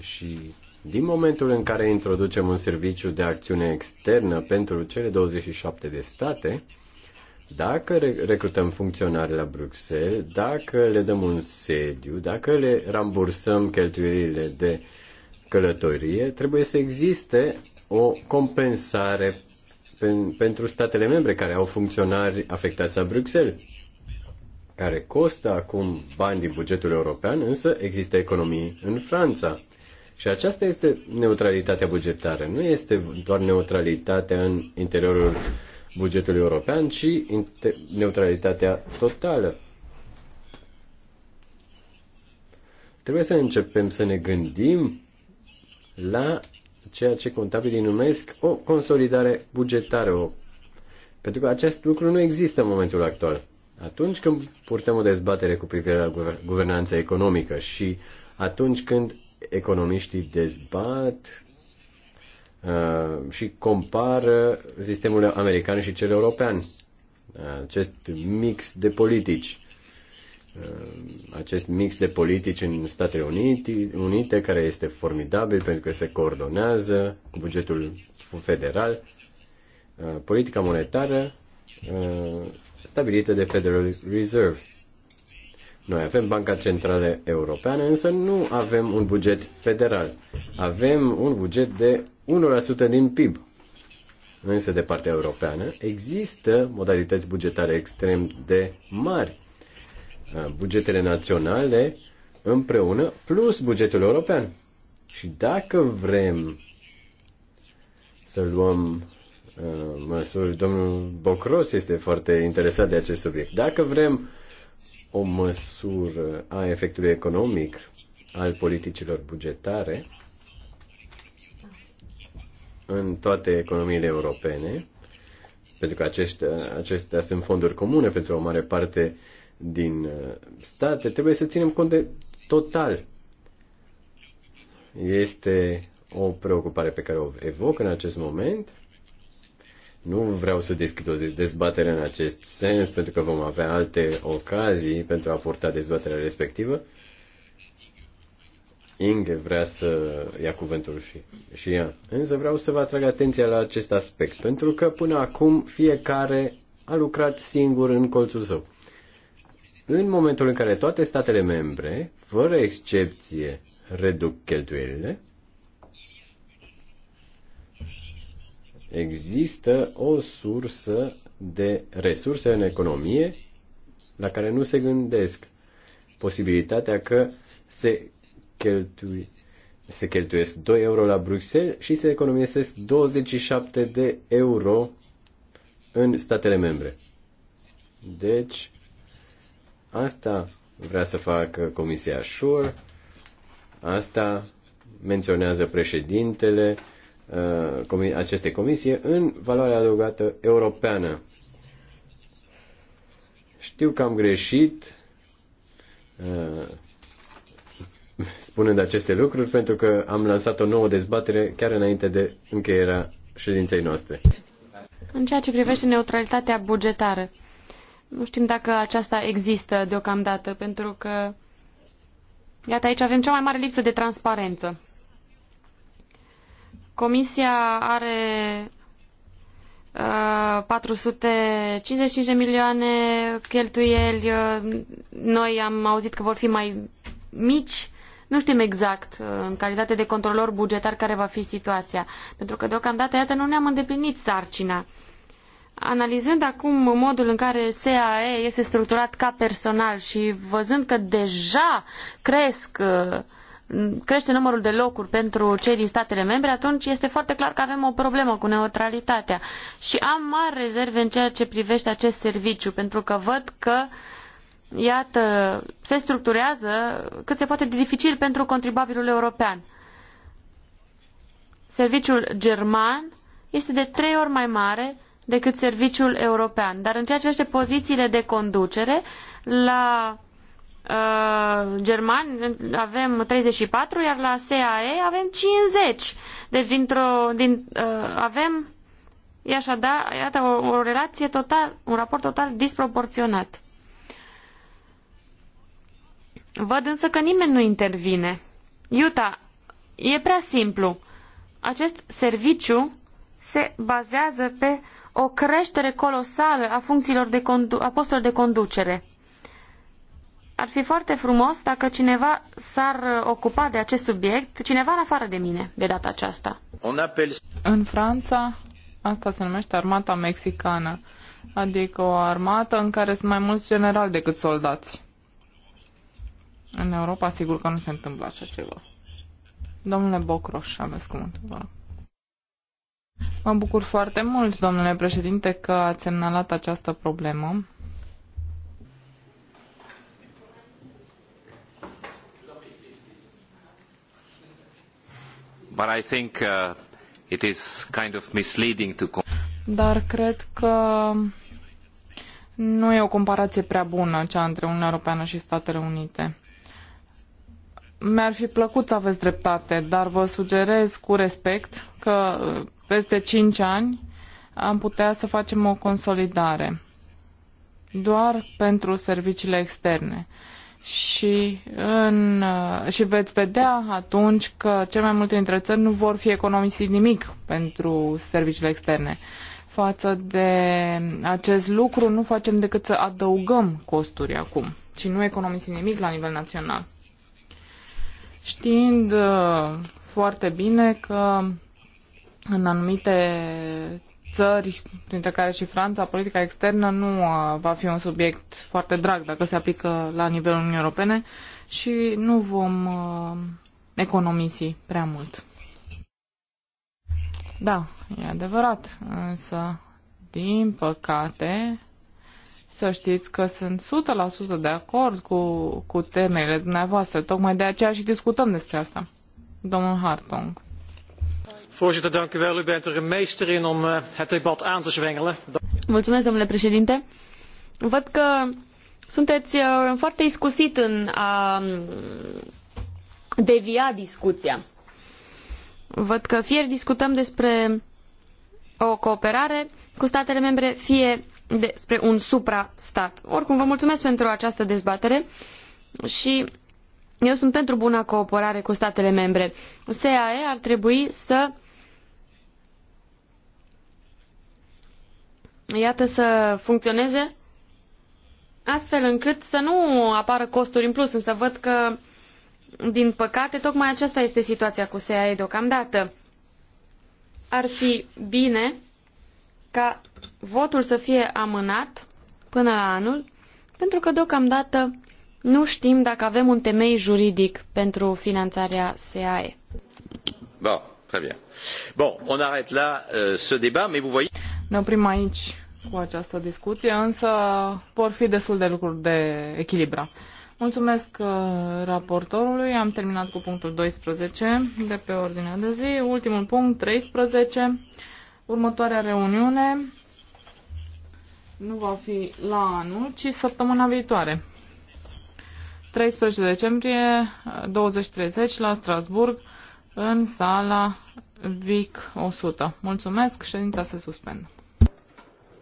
Și din momentul în care introducem un serviciu de acțiune externă pentru cele 27 de state, dacă recrutăm funcționari la Bruxelles, dacă le dăm un sediu, dacă le rambursăm cheltuielile de călătorie, trebuie să existe o compensare pen, pentru statele membre care au funcționari afectați la Bruxelles, care costă acum bani din bugetul european, însă există economii în Franța. Și aceasta este neutralitatea bugetară. Nu este doar neutralitatea în interiorul bugetului european, ci neutralitatea totală. Trebuie să începem să ne gândim la ceea ce contabilii numesc o consolidare bugetară, o... pentru că acest lucru nu există în momentul actual. Atunci când purtăm o dezbatere cu privire la guvernanța economică și atunci când economiștii dezbat uh, și compară sistemul american și cel european, uh, acest mix de politici, Uh, acest mix de politici în Statele Unite, Unite, care este formidabil pentru că se coordonează cu bugetul federal, uh, politica monetară uh, stabilită de Federal Reserve. Noi avem Banca Centrală Europeană, însă nu avem un buget federal. Avem un buget de 1% din PIB. Însă de partea europeană există modalități bugetare extrem de mari Uh, bugetele naționale împreună plus bugetul european. Și dacă vrem să luăm uh, măsuri, domnul Bocros este foarte interesat de acest subiect. Dacă vrem o măsură a efectului economic al politicilor bugetare în toate economiile europene, pentru că acestea, acestea sunt fonduri comune pentru o mare parte uh, din uh, state, trebuie să ținem cont de total. Este o preocupare pe care o evoc în acest moment. Nu vreau să deschid o dezbatere în acest sens, pentru că vom avea alte ocazii pentru a purta dezbaterea respectivă. Inge vrea să ia cuvântul și, și ea. Însă vreau să vă atrag atenția la acest aspect, pentru că până acum fiecare a lucrat singur în colțul său. În momentul în care toate statele membre, fără excepție, reduc cheltuielile, există o sursă de resurse în economie la care nu se gândesc. Posibilitatea că se, cheltui, se cheltuiesc 2 euro la Bruxelles și se economisesc 27 de euro în statele membre. Deci, Asta vrea să facă Comisia Sure, asta menționează președintele uh, acestei comisie în valoarea adăugată europeană. Știu că am greșit uh, spunând aceste lucruri pentru că am lansat o nouă dezbatere chiar înainte de încheierea ședinței noastre. În ceea ce privește neutralitatea bugetară, nu știm dacă aceasta există deocamdată, pentru că, iată, aici avem cea mai mare lipsă de transparență. Comisia are 450 uh, de milioane cheltuieli, noi am auzit că vor fi mai mici, nu știm exact uh, în calitate de controlor bugetar care va fi situația, pentru că deocamdată, iată, nu ne-am îndeplinit sarcina. Uh, Analizând acum modul în care SAE este structurat ca personal și văzând că deja cresc uh, crește numărul de locuri pentru cei din statele membre, atunci este foarte clar că avem o problemă cu neutralitatea. Și am mari rezerve în ceea ce privește acest serviciu, pentru că văd că iată, se structurează cât se poate de dificil pentru contribuabilul european. Serviciul german este de trei ori mai mare decât serviciul european. Dar în ceea ce privește pozițiile de conducere, la uh, germani avem 34, iar la SAE avem 50. Deci dintr-o, din, uh, avem e iată, o, o relație total, un raport total disproporționat. Văd însă că nimeni nu intervine. Iuta, e prea simplu. Acest serviciu se bazează pe o creștere colosală a funcțiilor de condu- a posturilor de conducere. Ar fi foarte frumos dacă cineva s-ar ocupa de acest subiect, cineva în afară de mine, de data aceasta. În Franța, asta se numește armata mexicană, adică o armată în care sunt mai mulți generali decât soldați. În Europa, sigur că nu se întâmplă așa ceva. Domnule Bocroș, aveți cuvântul, Mă bucur foarte mult, domnule președinte, că ați semnalat această problemă. But I think uh, it is kind of misleading to Dar cred că nu e o comparație prea bună cea între Uniunea Europeană și Statele Unite mi-ar fi plăcut să aveți dreptate, dar vă sugerez cu respect că peste cinci ani am putea să facem o consolidare doar pentru serviciile externe. Și, în, și veți vedea atunci că cel mai multe dintre țări nu vor fi economisit nimic pentru serviciile externe. Față de acest lucru nu facem decât să adăugăm costuri acum ci nu economisim nimic la nivel național știind uh, foarte bine că în anumite țări, printre care și Franța, politica externă nu uh, va fi un subiect foarte drag dacă se aplică la nivelul Uniunii Europene și nu vom uh, economisi prea mult. Da, e adevărat, însă, din păcate, să știți că sunt 100% de acord cu, cu temele dumneavoastră. Tocmai de aceea și discutăm despre asta. Domnul Hartung. Voorzitter, dank u wel. U bent er een meester in om uh, het debat aan te zwengelen. Mulțumesc, domnule președinte. Văd că sunteți uh, foarte iscusit în a mm, devia discuția. Văd că fie discutăm despre o cooperare cu statele membre, fie despre un suprastat. Oricum, vă mulțumesc pentru această dezbatere și eu sunt pentru buna cooperare cu statele membre. SAE ar trebui să iată să funcționeze astfel încât să nu apară costuri în plus, însă văd că din păcate tocmai aceasta este situația cu SAE deocamdată. Ar fi bine ca votul să fie amânat până la anul, pentru că deocamdată nu știm dacă avem un temei juridic pentru finanțarea SEAE. Bon, très bien. Bon, on arrête là euh, ce débat, mais vous voyez... Ne oprim aici cu această discuție, însă vor fi destul de lucruri de echilibrat. Mulțumesc uh, raportorului. Am terminat cu punctul 12 de pe ordinea de zi. Ultimul punct, 13. Următoarea reuniune nu va fi la anul, ci săptămâna viitoare. 13 decembrie, 20.30 la Strasburg, în sala VIC 100. Mulțumesc, ședința se suspendă.